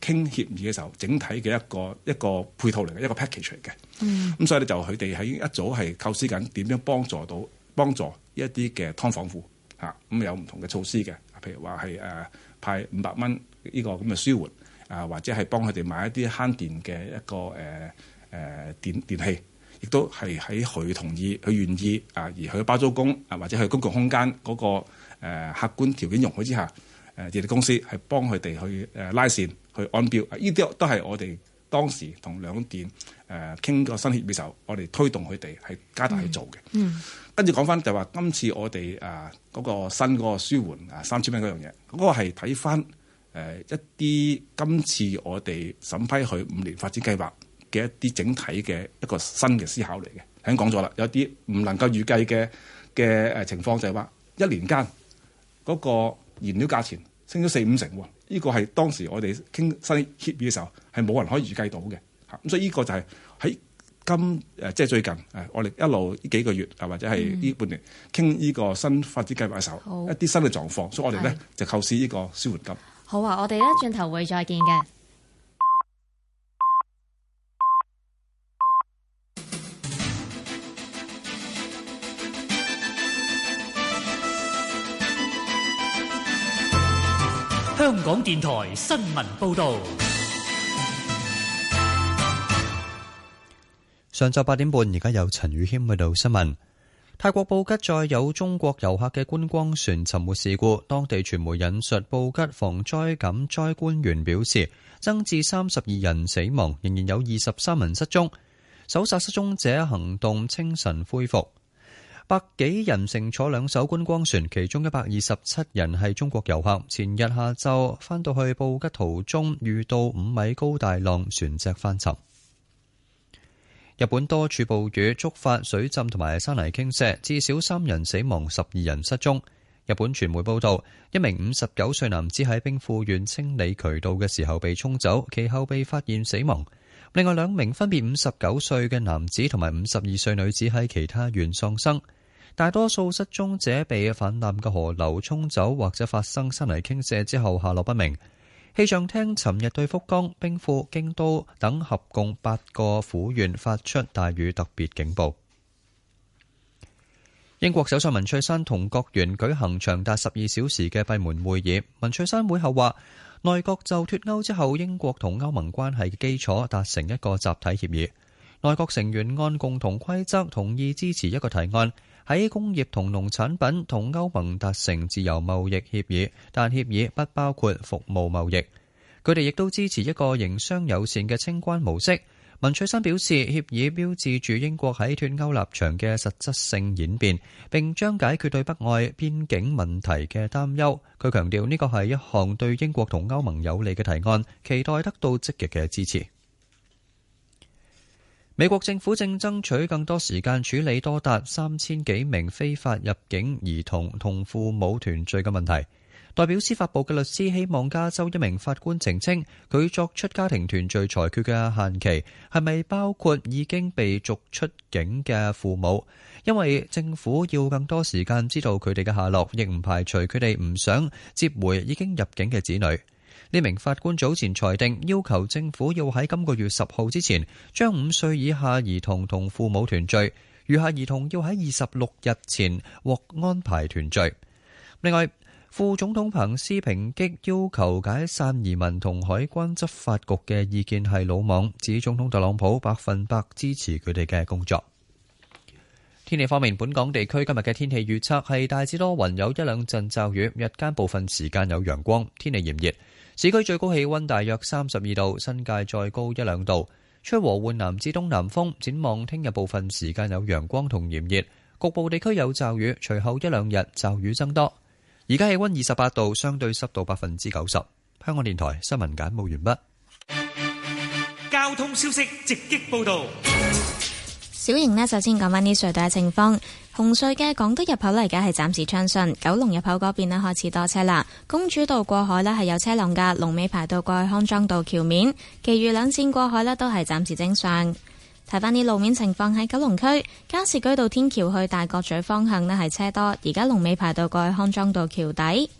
Speaker 5: 傾協議嘅時候，整體嘅一個一個配套嚟嘅一個 package 嚟嘅。嗯，咁、啊、所以咧就佢哋喺一早係構思緊點樣幫助到幫助一啲嘅劏房戶嚇，咁、啊嗯、有唔同嘅措施嘅，譬、啊、如話係誒派五百蚊呢個咁嘅舒緩啊，或者係幫佢哋買一啲慳電嘅一個誒誒、啊啊、電電器，亦都係喺佢同意佢願意啊，而佢包租公，啊或者佢公共空間嗰、那個、啊、客觀條件容許之下。誒電力公司係幫佢哋去誒拉線去安表，呢啲都係我哋當時同兩電誒傾過新協議時候，我哋推動佢哋係加大去做嘅、嗯。嗯，跟住講翻就話，今次我哋誒嗰個新嗰個舒緩啊三千蚊嗰樣嘢，嗰、嗰個係睇翻誒一啲今次我哋審批佢五年發展計劃嘅一啲整體嘅一個新嘅思考嚟嘅。已經講咗啦，有啲唔能夠預計嘅嘅誒情況就係、是、話一年間嗰、嗰個。燃料價錢升咗四五成，呢、呢個係當時我哋傾新協議嘅時候，係冇人可以預計到嘅。咁所以呢個就係喺今誒即係最近，我哋一路呢幾個月啊或者係呢半年傾呢、嗯、個新發展計劃嘅時候，一啲新嘅狀況，所以我哋咧就構思呢個舒緩金。
Speaker 7: 好啊，我哋咧轉頭會再見嘅。
Speaker 2: 香港電台新聞報道：
Speaker 1: 上晝八點半，而家有陳宇謙報道新聞。泰國布吉再有中國遊客嘅觀光船沉沒事故，當地傳媒引述布吉防災減災官員表示，增至三十二人死亡，仍然有二十三人失蹤。搜索失蹤者行動清晨恢復。百幾人乘坐兩艘觀光船，其中一百二十七人係中國遊客。前日下晝翻到去布吉途中，遇到五米高大浪，船隻翻沉。日本多處暴雨，觸發水浸同埋山泥傾瀉，至少三人死亡，十二人失蹤。日本傳媒報道，一名五十九歲男子喺兵庫縣清理渠道嘅時候被沖走，其後被發現死亡。另外兩名分別五十九歲嘅男子同埋五十二歲女子喺其他縣喪生，大多數失蹤者被氾濫嘅河流沖走，或者發生山泥傾瀉之後下落不明。氣象廳尋日對福岡、兵庫、京都等合共八個府縣發出大雨特別警報。英國首相文翠山同閣員舉行長達十二小時嘅閉門會議，文翠山會後話。內閣就脫歐之後英國同歐盟關係嘅基礎達成一個集體協議。內閣成員按共同規則同意支持一個提案，喺工業同農產品同歐盟達成自由貿易協議，但協議不包括服務貿易。佢哋亦都支持一個營商友善嘅清關模式。文翠珊表示，協議標誌住英國喺脫歐立場嘅實質性演變，並將解決對北愛邊境問題嘅擔憂。佢強調呢個係一項對英國同歐盟有利嘅提案，期待得到積極嘅支持。美國政府正爭取更多時間處理多達三千幾名非法入境兒童同父母團聚嘅問題。代表司法部嘅律師希望加州一名法官澄清，佢作出家庭團聚裁決嘅限期係咪包括已經被逐出境嘅父母？因為政府要更多時間知道佢哋嘅下落，亦唔排除佢哋唔想接回已經入境嘅子女。呢名法官早前裁定，要求政府要喺今個月十號之前將五歲以下兒童同父母團聚，餘下兒童要喺二十六日前獲安排團聚。另外，副總統彭斯抨擊要求解散移民同海關執法局嘅意見係魯莽，指總統特朗普百分百支持佢哋嘅工作。天氣方面，本港地區今日嘅天氣預測係大致多雲，有一兩陣驟雨，日間部分時間有陽光，天氣炎熱，市區最高氣温大約三十二度，新界再高一兩度，吹和緩南至東南風。展望聽日部分時間有陽光同炎熱，局部地區有驟雨，隨後一兩日驟雨增多。而家氣溫二十八度，相對濕度百分之九十。香港電台新聞簡報完畢。
Speaker 3: 交通消息直擊報道。小瑩呢，首先講返呢隧道嘅情況。紅隧嘅港島入口呢，而家係暫時暢順；九龍入口嗰邊呢，開始多車啦。公主道過海呢，係有車龍噶，龍尾排到過去康莊道橋面。其餘兩線過海呢，都係暫時正常。睇翻啲路面情況，喺九龍區加士居道天橋去大角咀方向呢係車多，而家龍尾排到過去康莊道橋底。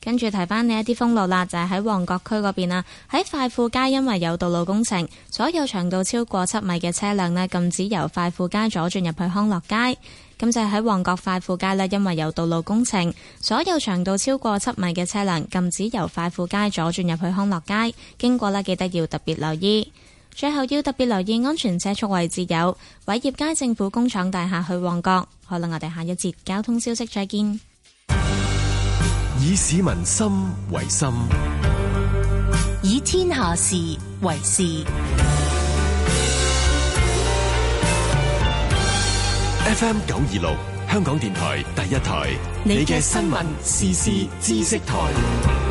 Speaker 3: 跟住睇翻呢一啲封路啦，就係喺旺角區嗰邊啊。喺快富街，因為有道路工程，所有長度超過七米嘅車輛呢，禁止由快富街左轉入去康樂街。咁就喺旺角快富街呢，因為有道路工程，所有長度超過七米嘅車輛禁止由快富街左轉入去康樂街。經過呢，記得要特別留意。最後要特別留意安全車速位置，有偉業街政府工廠大廈去旺角。可能我哋下一節交通消息再見。
Speaker 4: 以市民心為心，
Speaker 3: 以天下事為事。
Speaker 4: FM 九二六香港電台第一台，你嘅新聞、時事、知識台。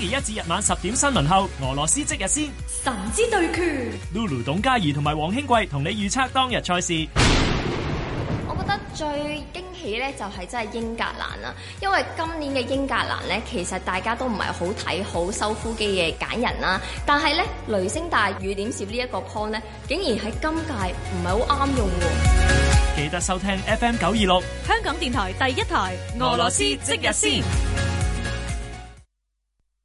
Speaker 6: 而一至日
Speaker 2: 晚十點新聞後，俄羅斯即日先神之對決。Lulu 董、董嘉怡同埋黃興貴同你預測當日賽事。
Speaker 7: 我覺得最驚喜咧，就係真係英格蘭啦，因為今年嘅英格蘭咧，其實大家都唔係好睇好收腹肌嘅揀人啦。但係咧，雷聲大雨點小呢一個 con 咧，竟然喺今
Speaker 6: 屆唔係好啱用。
Speaker 2: 記得收聽 FM 九二六，
Speaker 6: 香港電台第
Speaker 1: 一台，俄羅斯即日先。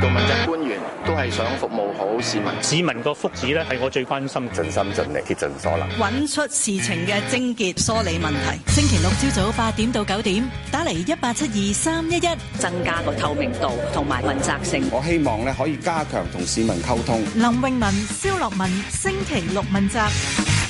Speaker 4: 做問責官員都係想服務好市民，市民個福祉咧係我最關心，盡心盡力，竭盡所能，
Speaker 6: 揾出事情嘅症結，梳理問題。星期六朝早八點到九點，打嚟一八七二三一一，增加個透明度同埋問責性。
Speaker 4: 我希望咧可以加強同市民溝通。
Speaker 6: 林詠雯、蕭洛汶，星期六問責。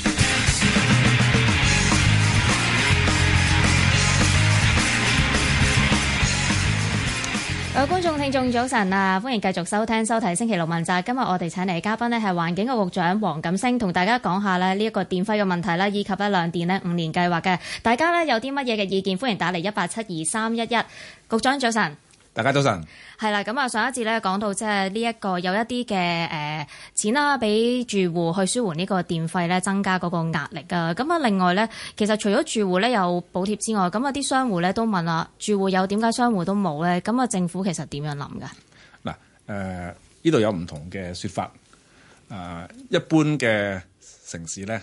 Speaker 7: 各位觀眾、聽眾早晨啊！歡迎繼續收聽、收睇星期六問責。今日我哋請嚟嘅嘉賓咧係環境局局長黃錦星，同大家講下咧呢一個電費嘅問題啦，以及咧兩電五年計劃嘅。大家有啲乜嘢嘅意見，歡迎打嚟一八七二三一一。局長早晨。大家早晨，係啦，咁啊，上一節咧講到即係呢一個有一啲嘅誒錢啦，俾住戶去舒緩呢個電費咧增加嗰個壓力噶。咁啊，另外咧，其實除咗住戶咧有補貼之外，咁啊，啲商戶咧都問啦，住戶有點解商戶都冇咧，咁啊，政府其實點樣諗噶？
Speaker 5: 嗱、呃，誒，呢度有唔同嘅說法。誒、呃，一般嘅城市咧，誒、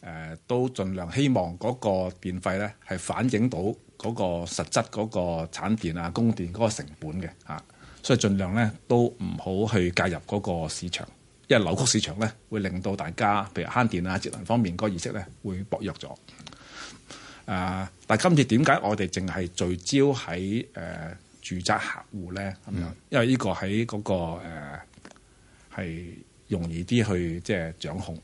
Speaker 5: 呃，都盡量希望嗰個電費咧係反映到。嗰、嗰個實質嗰個產電啊、供電嗰個成本嘅、啊、所以盡量咧都唔好去介入嗰個市場，因為扭曲市場咧會令到大家譬如慳電啊、節能方面嗰個意識咧會薄弱咗、啊。但係今次點解我哋淨係聚焦喺、呃、住宅客戶咧？咁、嗯、因為呢個喺嗰、嗰個係、呃、容易啲去即係、即係、掌控，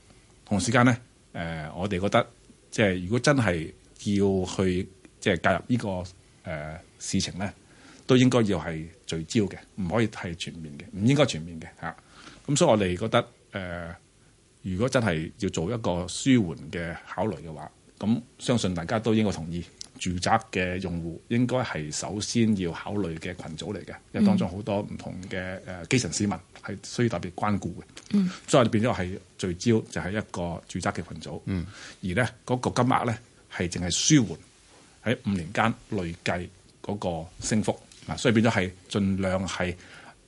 Speaker 5: 同時間咧、呃、我哋覺得即係、即係、如果真係要去。即、就、係、是、介入呢個誒事情咧，都應該要係聚焦嘅，唔可以係全面嘅，唔應該全面嘅嚇。咁所以我哋覺得誒，如果真係要做一個舒緩嘅考慮嘅話，咁相信大家都應該同意，住宅嘅用戶應該係首先要考慮嘅群組嚟嘅，因為當中好多唔同嘅誒、嗯呃、基層市民係需要特別關顧嘅。嗯，所以我哋變咗係聚焦就係一個住宅嘅群組。嗯，而咧嗰個金額咧係淨係舒緩。喺五年間累計嗰個升幅，所以變咗係盡量係誒、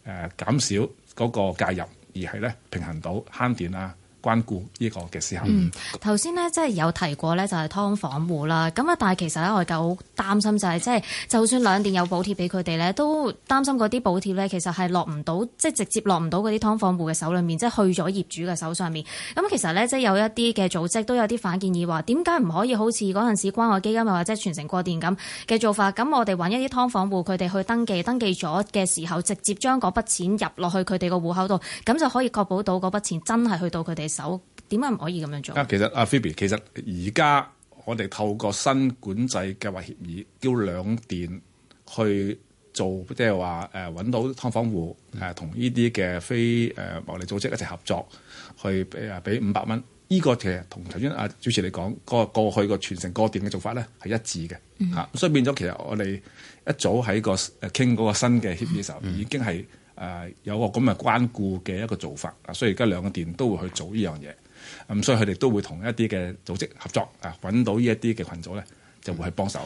Speaker 5: 呃、減少嗰個介入，而係咧平衡到慳電啊！關顧呢個嘅時
Speaker 7: 候，嗯，頭先呢即係有提過呢，就係㓥房戶啦。咁啊，但係其實呢，我哋好擔心就係、是，即係就算兩電有補貼俾佢哋呢，都擔心嗰啲補貼呢，其實係落唔到，即係直接落唔到嗰啲劏房戶嘅手裡面，即係去咗業主嘅手上面。咁其實呢，即係有一啲嘅組織都有啲反建議話，點解唔可以好似嗰陣時關愛基金又或者全城過電咁嘅做法？咁我哋揾一啲劏房戶，佢哋去登記，登記咗嘅時候，直接將嗰筆錢入落去佢哋個戶口度，咁就可以確保到嗰筆錢真係去到佢哋。走，
Speaker 5: 點解唔可以咁樣做啊？其實阿、啊、Phoebe，其實而家我哋透過新管制計劃協議，叫兩電去做，即係話誒揾到劏房戶誒，同呢啲嘅非誒牟利組織一齊合作，去誒俾五百蚊。呢、呃呢個其實同頭先阿主持你講、嗰個過去個全城、嗰個電嘅做法咧係一致嘅嚇、嗯啊，所以變咗其實我哋一早喺、嗰個傾嗰個新嘅協議嘅時候已經係。誒、呃、有個咁嘅關顧嘅一個做法，啊，所以而家兩個電都會去做呢樣嘢，咁、嗯、所以佢哋都會同一啲嘅組織合作，啊，揾到呢一啲嘅群組咧。就會去幫手。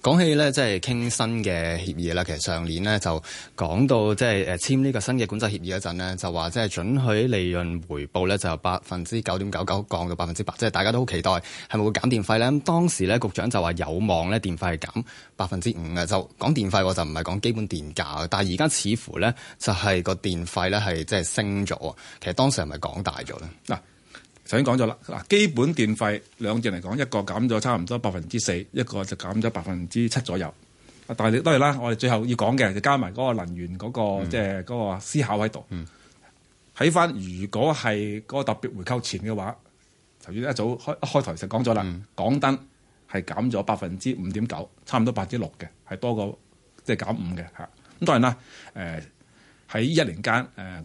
Speaker 4: 講、嗯、起咧，即係傾新嘅協議啦。其實上年咧就講到，即、就、係、是呃、簽呢個新嘅管制協議嗰陣咧，就話即係準許利潤回報咧就由百分之九點九九降到百分之八，即係大家都好期待係咪會減電費咧？咁當時咧局長就話有望咧電費係減百分之五嘅，就講電費我就唔係講基本電價，但係而家似乎咧就係個電費咧係即係升咗。其實當時係咪講大咗咧？嗱、啊。首先講咗啦，嗱
Speaker 5: 基本電費兩電嚟講，一個減咗差唔多百分之四，一個就減咗百分之七左右。啊，但係你當然啦，我哋最後要講嘅就加埋嗰個能源嗰個即係嗰個思考喺度。嗯。睇返如果係嗰個特別回購前嘅話，頭先一早開一開台就講咗啦，港燈係減咗百分之五點九，差唔多百分之六嘅，係多過即係減五嘅嚇。咁當然啦，誒、呃。喺一年間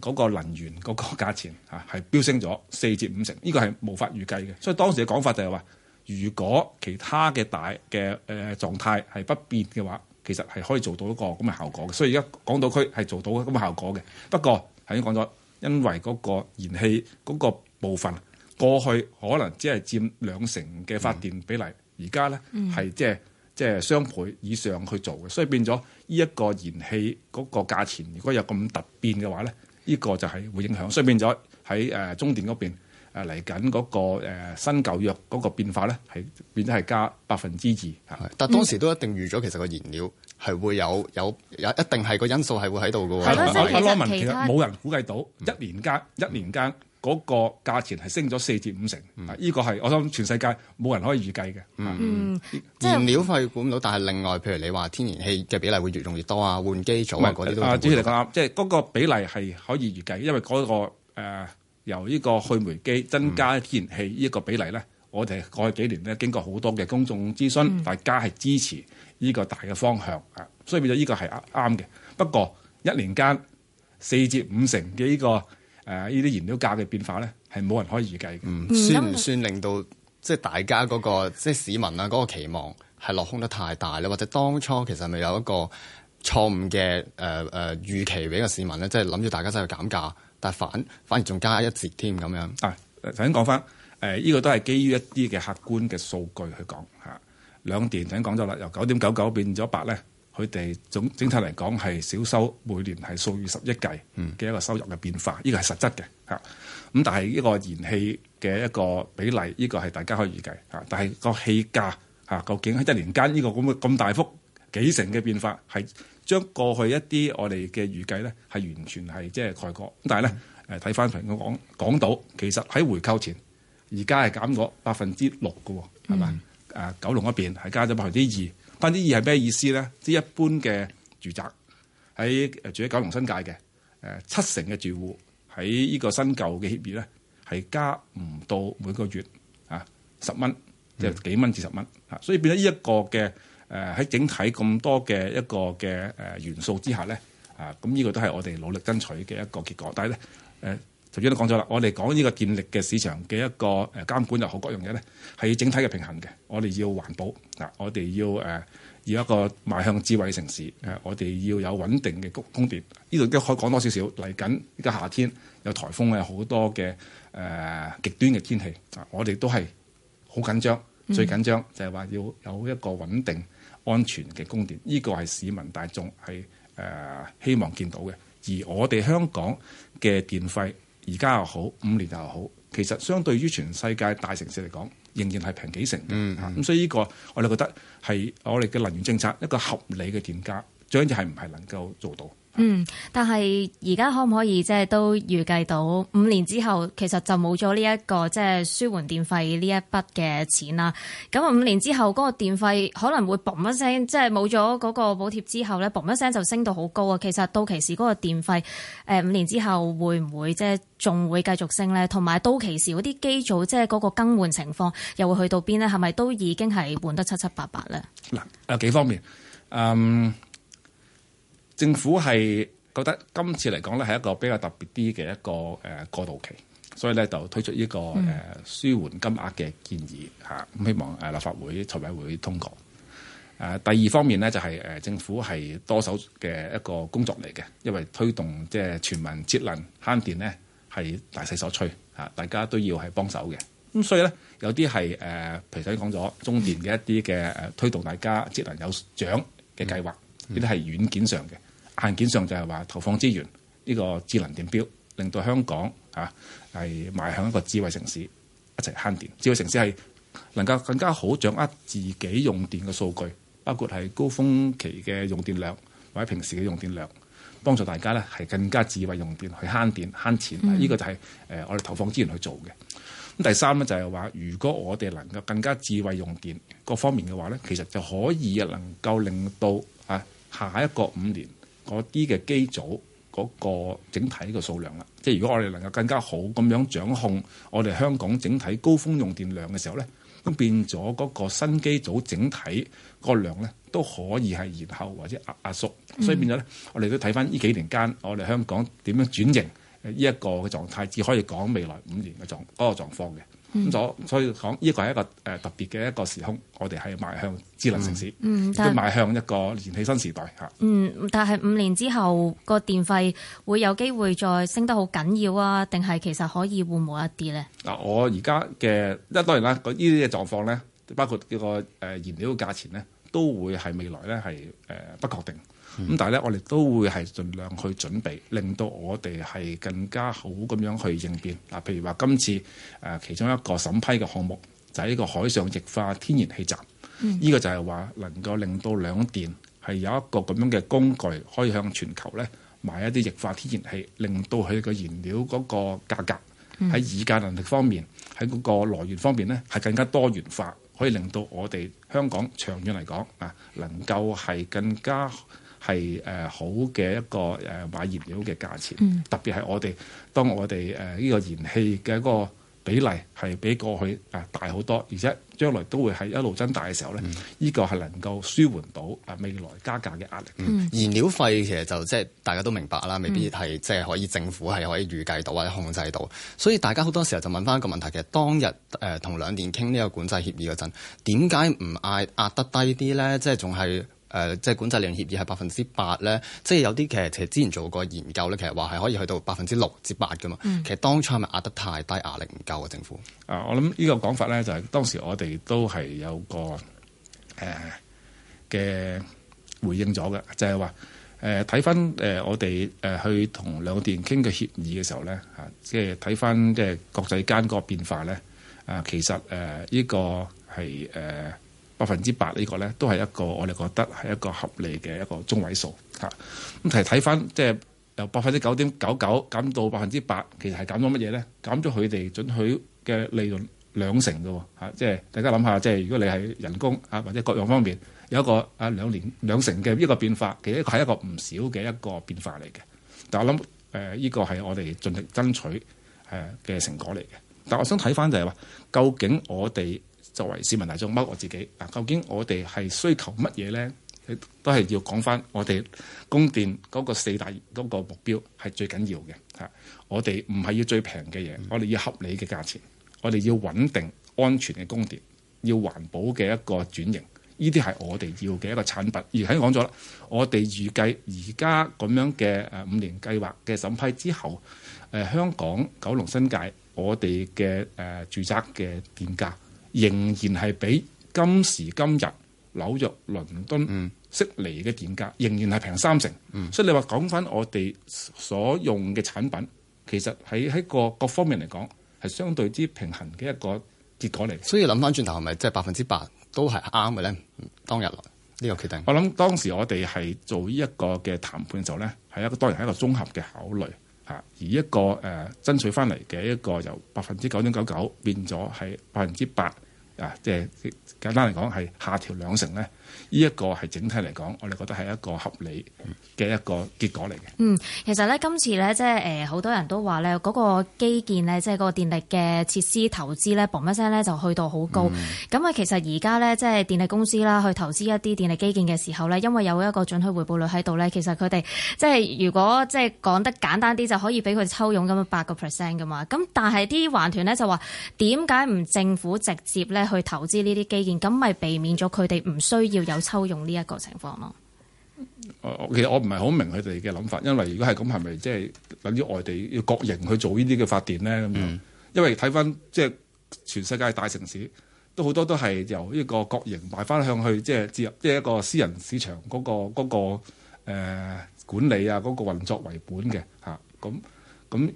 Speaker 5: 誒嗰、嗰個能源嗰個價錢啊係飆升咗四至五成，呢個係無法預計嘅。所以當時嘅講法就係話，如果其他嘅大嘅誒、呃、狀態係不變嘅話，其實係可以做到一個咁嘅效果嘅。所以而家港島區係做到咁嘅效果嘅。不過係已經講咗，因為嗰個燃氣嗰個部分過去可能只係佔兩成嘅發電比例，而家咧係即係。嗯，係即係即係雙倍以上去做嘅，所以變咗呢一個燃氣嗰個價錢，如果有咁突變嘅話咧，呢、這個就係會影響。所以變咗喺中電嗰邊嚟緊嗰個
Speaker 4: 新舊約嗰個變化咧、嗯，係變咗係加百分之二。但當時都一定預咗，其實個燃料係會有有有一定係個因素係會喺度㗎喎。係、嗯、咯，即、嗯、其實
Speaker 5: 冇人估計到一年間一年間。嗰、那個價錢係升咗四至五成，呢、嗯這個係我諗全世界冇人可以預計嘅。
Speaker 4: 燃、嗯嗯、料費管到，嗯、但係另外譬如你話天然氣嘅比例會越用越多啊，嗯、換機組啊嗰啲都係。啊，主持你講
Speaker 5: 啱，即係嗰個比例係可以預計，因為嗰、那個、呃、由呢個去煤機增加天然氣呢個比例咧、嗯，我哋過去幾年咧經過好多嘅公眾諮詢，嗯、大家係支持呢個大嘅方向啊，所以變咗呢個係啱嘅。不過一年間四至
Speaker 4: 五成嘅呢、這個。誒呢啲燃料價嘅變化咧，係冇人可以預計嘅。嗯，算唔算令到即係大家嗰、嗰個即係市民啦嗰個期望係落空得太大咧？或者當初其實咪有一個錯誤嘅誒、呃呃、預期俾個市民咧，即係諗住大家走去減價，但反反而仲加一節添咁樣。啊，首先講翻誒，呃呢
Speaker 5: 個都係基於一啲嘅客觀嘅數據去講、啊、兩電首先講咗啦，由九點九九變咗八咧。佢哋總整體嚟講係少收，每年係數以十億計嘅一個收入嘅變化，呢個係實質嘅嚇。咁但係呢個燃氣嘅一個比例，呢、呢個係大家可以預計嚇。但係個氣價嚇、啊、究竟喺一年間呢個咁咁大幅幾成嘅變化，係將過去一啲我哋嘅預計咧係完全係即係蓋過。但係咧誒睇翻譬如我講，港島，其實喺回購前而家係減咗百分之六㗎喎，係嘛？誒、啊、九龍嗰邊係加咗百分之二。百分之二係咩意思咧？即係一般嘅住宅喺住喺九龍新界嘅誒七成嘅住戶喺呢個新舊嘅協議咧，係加唔到每個月啊十蚊，即係幾蚊至十蚊啊、嗯，所以變咗呢一個嘅誒喺整體咁多嘅一個嘅誒元素之下咧啊，咁、這、呢個都係我哋努力爭取嘅一個結果，但係咧誒。呃頭先都講咗啦，我哋講呢個電力嘅市場嘅一個誒監管又好，各樣嘢咧係要整體嘅平衡嘅。我哋要環保嗱，我哋要誒、呃、要一個邁向智慧城市誒、呃，我哋要有穩定嘅供供電。呢度都可以講多少少。嚟緊呢家夏天有颱風，有好多嘅誒、呃、極端嘅天氣啊，我哋都係好緊張、嗯，最緊張就係話要有一個穩定安全嘅供電。呢、這個係市民大眾係誒希望見到嘅。而我哋香港嘅電費，而家又好，五年又好，其實相對於全世界大城市嚟講，仍然係平幾成嘅咁、嗯嗯、所以呢個我哋覺得係我哋嘅能源政策，一個合理嘅電價，最緊要係唔係能夠做到。
Speaker 7: 嗯，但係而家可唔可以即係都預計到五年之後，其實就冇咗呢一個即係、就是、舒緩電費呢一筆嘅錢啦。咁啊，五年之後嗰個電費可能會嘣一聲，即係冇咗嗰個補貼之後咧，嘣一聲就升到好高啊。其實到期時嗰個電費，誒五年之後會唔會即係仲會繼續升咧？同埋到期時嗰啲機組即係嗰個更換情況又會去到邊咧？係咪都已經係換得七七八八咧？
Speaker 5: 嗱，誒幾方面，嗯。政府係覺得今次嚟講咧係一個比較特別啲嘅一個誒過渡期，所以呢就推出呢個誒舒緩金額嘅建議嚇，咁希望誒立法會財委會通過。誒第二方面呢，就係誒政府係多手嘅一個工作嚟嘅，因為推動即係全民節能慳電呢係大勢所趨嚇，大家都要係幫手嘅。咁所以呢，有啲係誒，譬如頭先講咗中電嘅一啲嘅誒推動大家節能有獎嘅計劃，呢啲係軟件上嘅。硬件上就係話投放資源呢、這個智能電表，令到香港啊係邁向一個智慧城市，一齊慳電。智慧城市係能夠更加好掌握自己用電嘅數據，包括係高峰期嘅用電量或者平時嘅用電量，幫助大家呢係更加智慧用電去慳電慳錢。呢、嗯這個就係呃我哋投放資源去做嘅咁。第三呢，就係話，如果我哋能夠更加智慧用電各方面嘅話呢，其實就可以能夠令到、啊、下一個五年。嗰啲嘅機組嗰個整體嘅數量啦，即係如果我哋能夠更加好咁樣掌控我哋香港整體高峰用電量嘅時候咧，咁變咗嗰個新機組整體個量咧都可以係延後或者壓壓縮，所以變咗咧、嗯、我哋都睇翻呢幾年間我哋香港點樣轉型呢一個嘅狀態，只可以講未來五年嘅狀嗰個狀況嘅。咁、嗯、所所以講，呢個係一個特別嘅一個時空，我哋係邁向智能城市，佢、嗯、邁、嗯、向一個燃氣新時代，嗯，
Speaker 7: 但係五年之後個電費會有機會再升得好緊要啊？定係其實可以緩和一啲咧？
Speaker 5: 嗱，我而家嘅，因為當然啦，呢啲嘅狀況咧，包括個燃料價錢咧，都會係未來咧係不確定。咁、嗯、但係咧，我哋都會係盡量去準備，令到我哋係更加好咁樣去應變嗱。譬如話，今次誒、呃、其中一個審批嘅項目就係、是、呢個海上液化天然氣站，呢、嗯這個就係話能夠令到兩電係有一個咁樣嘅工具，可以向全球咧買一啲液化天然氣，令到佢嘅燃料嗰個價格喺議價能力方面，喺嗰個來源方面咧係更加多元化，可以令到我哋香港長遠嚟講啊，能夠係更加。係誒好嘅一個誒買燃料嘅價錢，嗯、特別係我哋當我哋誒呢個燃氣嘅一個比例係比過去啊大好多，而且將來都會係一路增大嘅時候咧，依、嗯呢個係能夠舒緩到啊
Speaker 4: 未來加價嘅壓力。燃、嗯、料費其實就即係大家都明白啦，未必係即係可以政府係可以預計到或者控制到，所以大家好多時候就問翻一個問題，其實當日誒同、呃、兩電傾呢個管制協議嗰陣，點解唔嗌壓得低啲咧？即係仲係。誒、呃、即係管制令源協議係百分之八咧，即係有啲其實其實之前做過研究咧，其實話係可以去到百分之六至八㗎嘛。其實當初係咪壓得太低，壓力唔夠啊？政府啊，我諗呢個講法咧，就係、是、當時我哋都係有個誒嘅、呃、
Speaker 5: 回應咗嘅，就係話誒睇返誒我哋誒、呃、去同兩電傾嘅協議嘅時候咧，啊、呃，即係睇返即係國際間個變化咧，啊、呃，其實誒呢、呃這個係誒。呃百分之八呢個咧，都係一個我哋覺得係一個合理嘅一個中位數吓，咁其實睇翻，即係由百分之九點九九減到百分之八，其實係減咗乜嘢咧？減咗佢哋准許嘅利潤兩成嘅喎、啊、即係大家諗下，即係如果你係人工啊或者各樣方面有一個啊兩年兩成嘅呢個變化，其實係一個唔少嘅一個變化嚟嘅。但我諗呢、呃呢個係我哋盡力爭取嘅、啊、成果嚟嘅。但我想睇翻就係、是、話，究竟我哋作為市民大眾，包括我自己，嗱，究竟我哋係需求乜嘢咧？都係要講翻我哋供電嗰個四大嗰個目標係最緊要嘅。嚇，我哋唔係要最平嘅嘢，我哋要合理嘅價錢，我哋要穩定安全嘅供電，要環保嘅一個轉型。呢啲係我哋要嘅一個產品。而喺講咗啦，我哋預計而家咁樣嘅五年計劃嘅審批之後，呃，香港九龍新界我哋嘅、呃、住宅嘅電價。仍然係比今時今日紐約、倫敦、悉尼嘅電價仍然係平三成，嗯、所以你話講翻我哋所用嘅產
Speaker 4: 品，其實喺喺個各方面嚟講係相對之平衡嘅一個結果嚟。所以諗翻轉頭係咪即係百分之百都係啱嘅咧？當日呢個決定，我諗
Speaker 5: 當時我哋係做呢一個嘅談判嘅時候咧，係一個當然係一個綜合嘅考慮。啊！而一個誒爭取返嚟嘅一個由百分之九點九九變咗係百分之八啊，即係簡單嚟講係下調兩成咧。呢一個係整體嚟講，我哋覺得係一個合理嘅一個結果嚟嘅。嗯，
Speaker 7: 其實咧今次咧，即係誒好多人都話咧，嗰個基建咧，即係嗰個電力嘅設施投資咧嘣一聲咧就去到好高。咁、嗯、啊，其實而家咧，即係電力公司啦，去投資一啲電力基建嘅時候咧，因為有一個準許回報率喺度咧，其實佢哋即係如果即係講得簡單啲，就可以俾佢抽傭咁樣八個 percent 㗎嘛。咁但係啲環團咧就話，點解唔政府直接咧去投資呢啲基建？咁咪避免咗佢哋唔需要。有抽用，呢一個情況
Speaker 5: 咯。誒，其實我唔係好明佢哋嘅諗法，因為如果係咁，係咪即係等於外地要國營去做呢啲嘅發電咧？咁、嗯、樣，因為睇翻即係全世界大城市都好多都係由呢個國營賣翻向去即係接入，即、就、係、是、一個私人市場嗰、那個、那個誒、呃、管理啊，嗰、那個運作為本嘅吓。咁、啊、咁，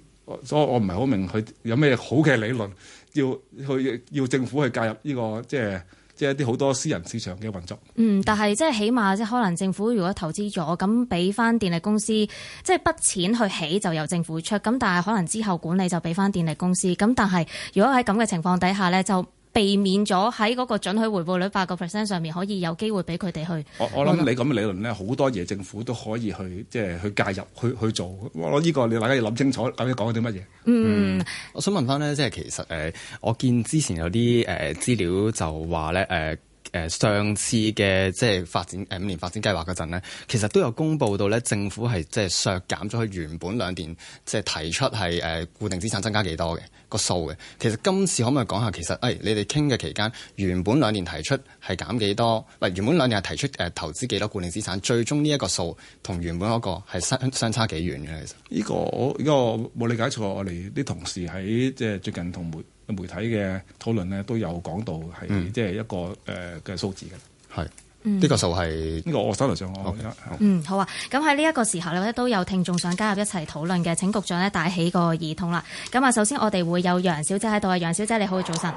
Speaker 5: 所以我唔係好明佢有咩好嘅理論要去要，要政府去介入呢、這個即係。就是即係一啲好多私人市場嘅運作。嗯，
Speaker 7: 但係即係起碼即係可能政府如果投資咗，咁俾翻電力公司即係、就是、筆錢去起就由政府出。咁但係可能之後管理就俾翻電力公司。咁但係如果喺咁嘅情況底下呢，就避免咗喺嗰個準許回報率八個 percent 上面可以有機會俾佢哋去
Speaker 5: 我。我我諗你咁
Speaker 4: 嘅理論咧，好多嘢政府都可以去即係去介入去去做。我諗呢個你大家要諗清楚究竟講緊啲乜嘢？嗯，我想問翻咧，即係其實誒、呃，我見之前有啲誒、呃、資料就話咧誒。呃誒上次嘅即係發展誒五年發展計劃嗰陣呢，其實都有公布到咧，政府係即係削減咗佢原本兩年即係提出係誒固定資產增加幾多嘅個數嘅。其實今次可唔可以講下，其實誒你哋傾嘅期間，原本兩年提出係減幾多？唔係原本兩年提出投資幾多固定資產？最終呢一個數同原本嗰個係相相差幾遠嘅？其實呢個我呢個冇理解錯，我哋啲同事喺即係最近同媒體嘅討論咧都
Speaker 5: 有講到係即係一個誒嘅、嗯呃、數字嘅，係，呢、嗯這個就係呢個我手頭上我、okay, okay.
Speaker 7: 嗯，好啊，咁喺呢一個時候呢，都有聽眾想加入一齊討論嘅，請局長咧帶起個耳筒啦。咁啊，首先我哋會有楊小姐喺度啊，楊小姐你好，早晨。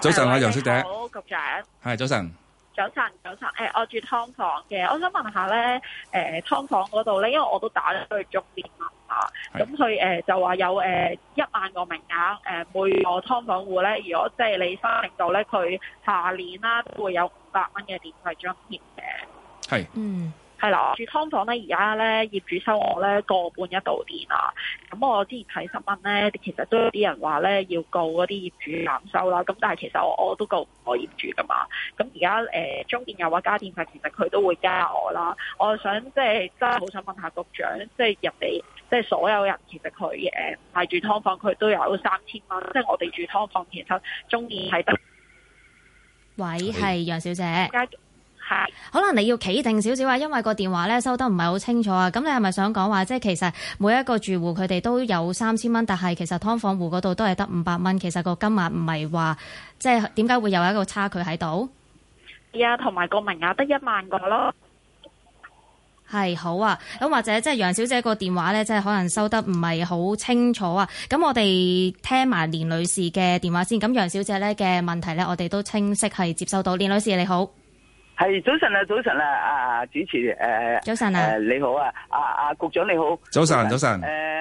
Speaker 6: 早晨啊，楊小姐。好，局長。係，早晨。早晨，早晨。誒、哎，我住劏房嘅，我想問一下咧，誒、呃、劏房嗰度咧，因為我都打咗去中電啊嚇，咁佢誒就話有誒一萬個名額，誒、呃、每個劏房戶咧，如果即係你申請到咧，佢下年啦、啊、都會有五百蚊嘅電費津貼嘅。
Speaker 5: 係。嗯。係啦，住
Speaker 6: 劏房咧，而家咧業主收我咧個半一度電啊！咁我之前睇新聞咧，其實都有啲人話咧要告嗰啲業主唔收啦。咁但係其實我我都告唔到業主噶嘛。咁而、呃、家誒中電又話加電費，其實佢都會加我啦。我想即係、就是、真係好想問下局長，即係入嚟即係所有人，其實佢誒、呃、住劏房佢都有三千蚊。即、就、係、是、我哋住劏房，其實中電係得。
Speaker 7: 喂，係楊小姐。可能你要企定少少啊，因為個電話呢收得唔係好清楚啊。咁你係咪想講，話即係其實每一個住戶佢哋都有三千蚊，但係其實劏房戶嗰度都係得五百蚊。其實個金額唔係話即係點解會有一個差距喺度？係
Speaker 6: 啊，同埋個名額得一萬個
Speaker 7: 咯。係好啊，咁或者即係楊小姐個電話呢，即係可能收得唔係好清楚啊。咁我哋聽埋連女士嘅電話先。咁楊小姐呢嘅問題呢，我哋都清晰係接收到。連女士你好。
Speaker 2: 係早晨，早晨啊，啊，早晨啊，啊主持誒，早晨啊，你好啊，阿、啊、阿、啊、局長你好，早晨早晨，誒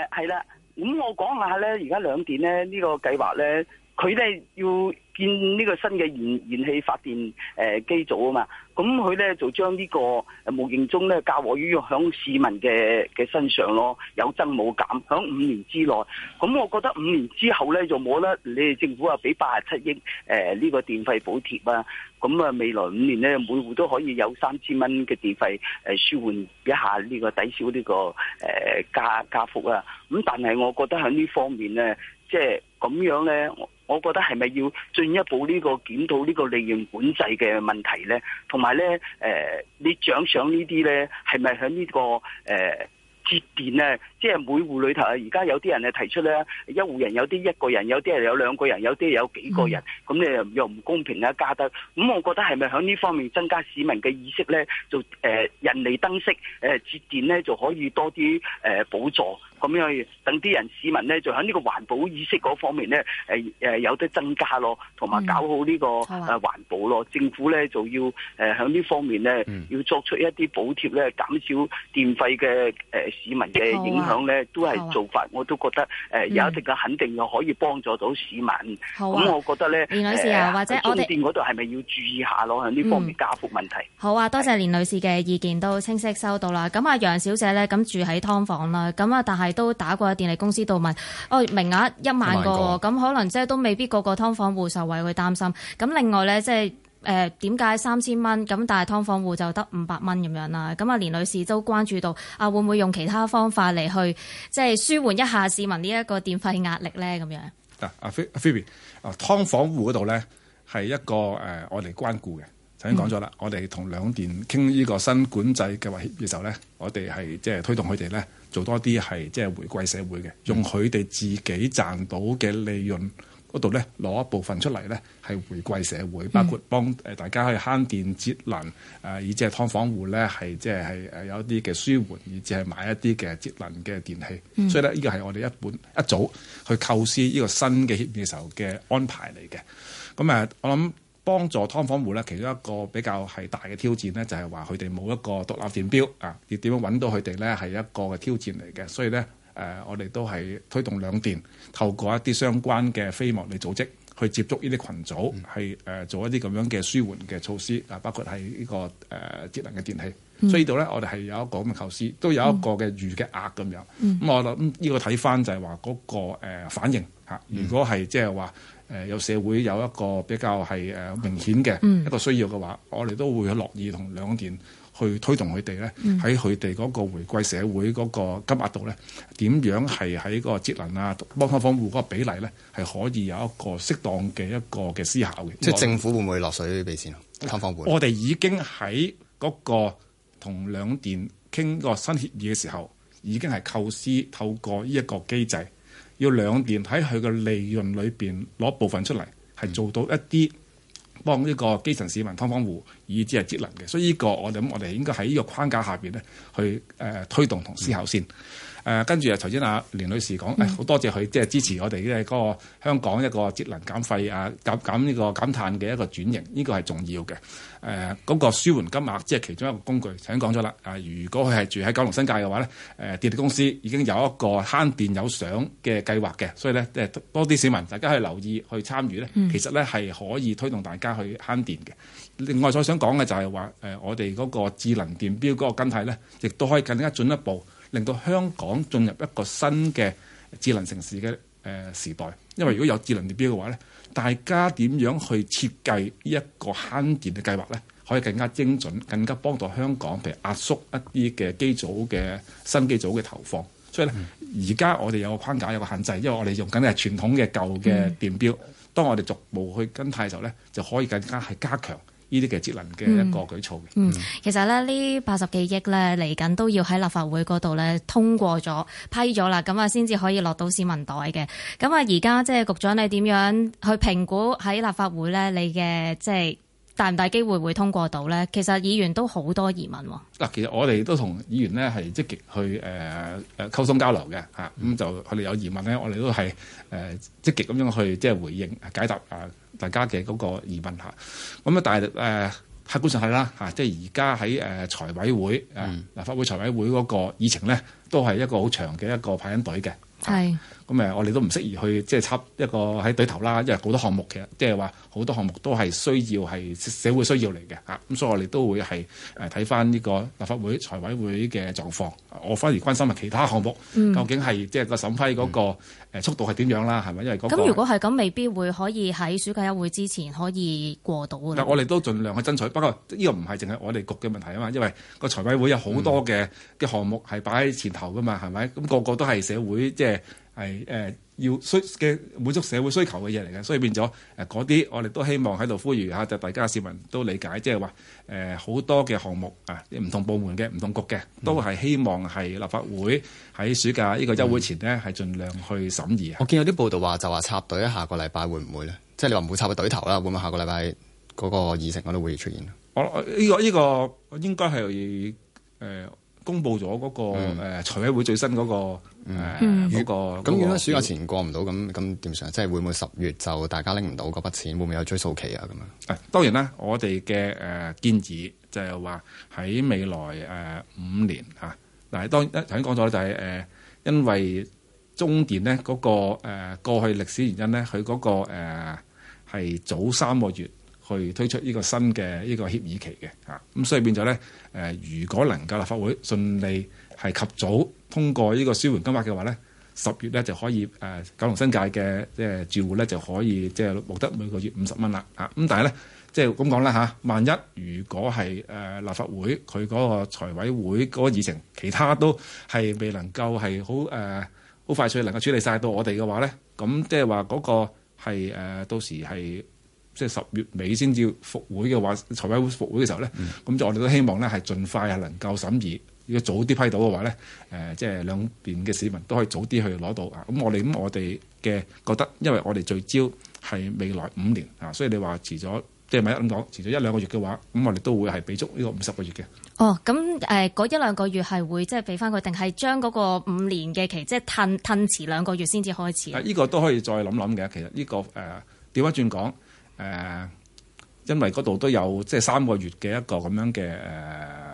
Speaker 2: 係啦，咁我講下咧，而家兩電咧呢個計劃咧。佢咧要建呢個新嘅燃燃氣發電誒機組啊嘛，咁佢咧就將呢個無形中咧嫁禍於響市民嘅嘅身上咯，有增冇減響五年之內，咁我覺得五年之後咧就冇啦。你哋政府啊俾八十七億誒呢個電費補貼啊，咁啊未來五年咧每戶都可以有三千蚊嘅電費誒、呃、舒緩一下呢個抵消呢個誒、呃、加加幅啊，咁但係我覺得響呢方面咧，即係咁樣咧。我覺得係咪要進一步呢個檢討呢個利潤管制嘅問題咧？同埋咧，誒、呃，你獎賞呢啲咧係咪響呢個誒節電咧？即係每戶裏頭啊，而家有啲人啊提出咧，一戶人有啲一個人，有啲人有兩個人，有啲有幾個人，咁、嗯、你又又唔公平啊加得，咁我覺得係咪喺呢方面增加市民嘅意識咧，就誒、呃、人嚟燈熄，誒、呃、節電咧就可以多啲誒補助，咁樣等啲人市民咧就喺呢個環保意識嗰方面咧誒誒有得增加咯，同埋搞好呢個誒環保咯、嗯，政府咧就要誒喺呢方面咧、嗯、要作出一啲補貼咧，減少電費嘅誒、呃、市民嘅影響。嗯咁咧都係做法，我都覺得誒有一定嘅肯定，又可以幫助到市民。好啊，咁我覺得咧，連女士啊，或者我哋中電嗰度係咪要注意下咯？喺呢方面加幅問題。
Speaker 7: 好啊，多謝連女士嘅意見都清晰收到啦。咁啊，楊小姐咧咁住喺劏房啦，咁啊，但係都打過電力公司度問，哦，名額一萬個，咁可能即係都未必個個㓥房戶受惠，會擔心。咁另外咧，即係。誒點解三千蚊咁，但係劏房戶就得五百蚊咁樣啦？咁啊，連女士都關注到啊，會唔會用其他方法嚟去即係舒緩一下市民呢一個電費壓力咧？咁樣
Speaker 5: 嗱，阿菲比啊，劏房戶嗰度咧係一個誒、呃，我哋關顧嘅，頭先講咗啦，嗯、我哋同兩電傾呢個新管制嘅協議嘅時候咧，我哋係即係推動佢哋咧做多啲係即係回饋社會嘅，用佢哋自己賺到嘅利潤。嗰度咧攞一部分出嚟咧，係回饋社會，包括幫誒大家去慳電節能，誒、嗯啊、以至係劏房戶咧係即係係誒有一啲嘅舒緩，以至係買一啲嘅節能嘅電器。嗯、所以呢，呢個係我哋一本一組去構思呢個新嘅協議時候嘅安排嚟嘅。咁誒、啊，我諗幫助劏房戶咧，其中一個比較係大嘅挑戰呢，就係話佢哋冇一個獨立電表啊，要點樣揾到佢哋呢？係一個嘅挑戰嚟嘅。所以呢。誒、呃，我哋都係推動兩電，透過一啲相關嘅非牟利組織，去接觸呢啲群組，係、嗯、誒、呃、做一啲咁樣嘅舒緩嘅措施，啊，包括係呢、這個誒節、呃、能嘅電器。嗯、所以呢度咧，我哋係有一個咁嘅構思，都有一個嘅餘嘅額咁樣。咁、嗯嗯嗯、我諗呢個睇返就係話嗰個、呃、反應，如果係即係話誒有社會有一個比較係明顯嘅一個需要嘅話，嗯、我哋都會去樂意同兩電，去推動佢哋咧，喺佢哋嗰個回饋社會嗰個金額度咧，點樣係喺個節能啊、幫劏房戶嗰個比例咧，係可以有一個適當嘅一個嘅思考嘅。即、就是、政府
Speaker 4: 會唔會落水俾錢啊？劏房戶，我哋
Speaker 5: 已經喺嗰、那個同兩電傾個新協議嘅時候，已經係構思透過呢一個機制，要兩電喺佢嘅利潤裏面攞部分出嚟，係做到一啲。幫呢個基層市民劏房戶，以至係節能嘅，所以呢個我哋我哋應該喺呢個框架下邊咧，去誒、呃、推動同思考先。誒跟住啊，頭先啊連女士講誒，好、哎、多謝佢即係支持我哋咧嗰個香港一個節能減費啊減，減呢個減碳嘅一個轉型，呢個係重要嘅。誒、啊、嗰、那個舒緩金額即係其中一個工具，頭先講咗啦。啊，如果佢係住喺九龍新界嘅話咧，誒、啊、電力公司已經有一個慳電有賞嘅計劃嘅，所以咧多啲市民大家去留意去參與咧，其實咧係可以推動大家去慳電嘅、嗯。另外我想講嘅就係話誒，我哋嗰、呃、個智能電表嗰個更替咧，亦都可以更加進一步。令到香港進入一個新嘅智能城市嘅誒時代，因為如果有智能電表嘅話咧，大家點樣去設計一個慳電嘅計劃咧，可以更加精準，更加幫到香港，譬如壓縮一啲嘅機組嘅新機組嘅投放。所以呢，而、嗯、家我哋有個框架，有個限制，因為我哋用緊嘅係傳統嘅舊嘅電表、嗯。當我哋逐步去跟進嘅時候呢，就可以更加係加強。呢啲嘅節能嘅一個舉措嘅、嗯嗯嗯，
Speaker 7: 其實咧呢八十幾億咧嚟緊都要喺立法會嗰度咧通過咗批咗啦，咁啊先至可以落到市民袋嘅。咁啊而家即係局長，你點樣去評估喺立法會咧你嘅即係大唔大機會會通過到咧？其實議員都好多疑問喎。
Speaker 5: 嗱，其實我哋都同議員呢係積極去誒誒、呃、溝通交流嘅嚇，咁、嗯、就佢哋有疑問咧，我哋都係誒、呃、積極咁樣去即係回應解答啊。呃大家嘅嗰個疑問嚇，咁、呃、啊但係誒，客觀上係啦嚇，即係而家喺誒財委會、嗯、啊立法會財委會嗰個議程呢，都係一個好長嘅一個排緊隊嘅。係是。咁誒，我哋都唔適宜去即係插一個喺對頭啦。因為好多項目其實即係話好多項目都係需要係社會需要嚟嘅嚇，咁所以我哋都會係睇返呢個立法會財委會嘅狀況。我反而關心下其他項目，嗯、究竟係即係個審批嗰個速度係點樣啦？係、嗯、咪因為嗰咁？如果
Speaker 7: 係咁，未必會可以喺暑假休會之前可以過到。但我哋
Speaker 5: 都盡量去爭取。不過呢個唔係淨係我哋局嘅問題啊嘛，因為個財委會有好多嘅嘅項目係擺喺前頭㗎嘛，係咪咁個個都係社會即係。就是係誒、呃、要需嘅滿足社會需求嘅嘢嚟嘅，所以變咗誒嗰啲，呃、我哋都希望喺度呼籲下就大家市民都理解，即係話誒好多嘅項目啊，唔同部門嘅、唔同局嘅，都係希望係立法會喺暑假呢個休會前呢係、嗯、盡
Speaker 4: 量去審議啊。我見有啲報道話就話插隊，下個禮拜會唔會咧？即、就、係、是、你話唔會插個隊頭啦，會唔會下個禮拜嗰個議程嗰度會出現？我
Speaker 5: 呢個呢個應該係
Speaker 4: 誒公佈
Speaker 5: 咗嗰個誒財委
Speaker 4: 會最新嗰個。嗯嗯，嗰、那、咁、個嗯那個、如果暑假前過唔到，咁咁點算啊？即係會唔會十月就大家拎唔到嗰筆錢？會唔會有追溯期啊？咁樣？
Speaker 5: 誒，當然啦，我哋嘅誒建議就係話喺未來誒五年但嗱當然頭先講咗咧，就係誒因為中電呢嗰個誒過去歷史原因呢佢嗰個誒係早三個月去推出呢個新嘅呢個協議期嘅啊，咁所以變咗咧誒，如果能夠立法會順利係及早通過呢個舒緩金額嘅話咧，十月咧就可以誒、呃，九龍新界嘅即係住戶咧就可以即係獲得每個月五十蚊啦。啊，咁但係咧即係咁講啦吓，萬一如果係誒、呃、立法會佢嗰個財委會嗰、嗰個議程，其他都係未能夠係好誒好快速能夠處理晒到我哋嘅話咧，咁即係話嗰個係、呃、到時係、呃、即係十月尾先至復會嘅話，財委會復會嘅時候咧，咁、嗯、就我哋都希望咧係儘快係能夠審議。如果早啲批到嘅話咧，誒、呃、即係兩邊嘅市民都可以早啲去攞到啊！咁我哋咁我哋嘅覺得，因為我哋聚焦係未來五年啊，所以你話遲咗，即係咪咁講遲咗一兩個月嘅話，咁我哋都會係俾足呢個五十個月嘅。哦，
Speaker 7: 咁誒嗰一兩個月係會即係俾翻佢，定係將嗰個五年嘅期即係褪褪遲兩個月先至開始？呢、啊、依、這
Speaker 5: 個都可以再諗諗嘅。其實呢、這個誒，調翻轉講誒，因為嗰度都有即係三個月嘅一個咁樣嘅誒。呃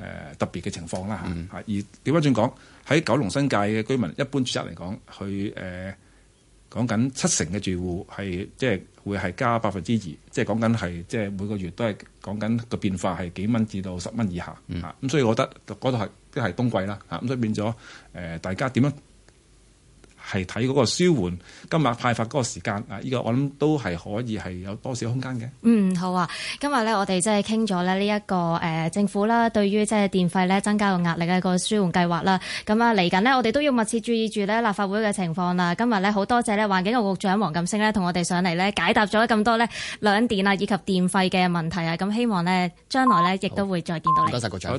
Speaker 5: 誒、呃、特別嘅情況啦嚇，嚇、嗯、而點樣轉講喺九龍新界嘅居民一般住宅嚟講，佢誒講緊七成嘅住戶係即係會係加百分之二，即係講緊係即係每個月都係講緊個變化係幾蚊至到十蚊以下嚇，咁、嗯啊、所以我覺得嗰度係都係冬季啦嚇，咁、啊、所以變咗誒、呃、大家點樣？係睇嗰個舒緩今日派發嗰個時間啊！呢個我諗都係可以係有多少空間嘅。
Speaker 7: 嗯，好啊！今日咧，我哋即係傾咗咧呢一個誒、呃、政府啦，對於即係電費咧增加個壓力嘅一個舒緩計劃啦。咁啊，嚟緊呢，我哋都要密切注意住咧立法會嘅情況啦。今日咧好多謝呢環境局局長黃錦星呢同我哋上嚟咧解答咗咁多咧兩電啊以及電費嘅問題啊。咁希望呢，將來呢亦都會再見到你。多謝，謝局長。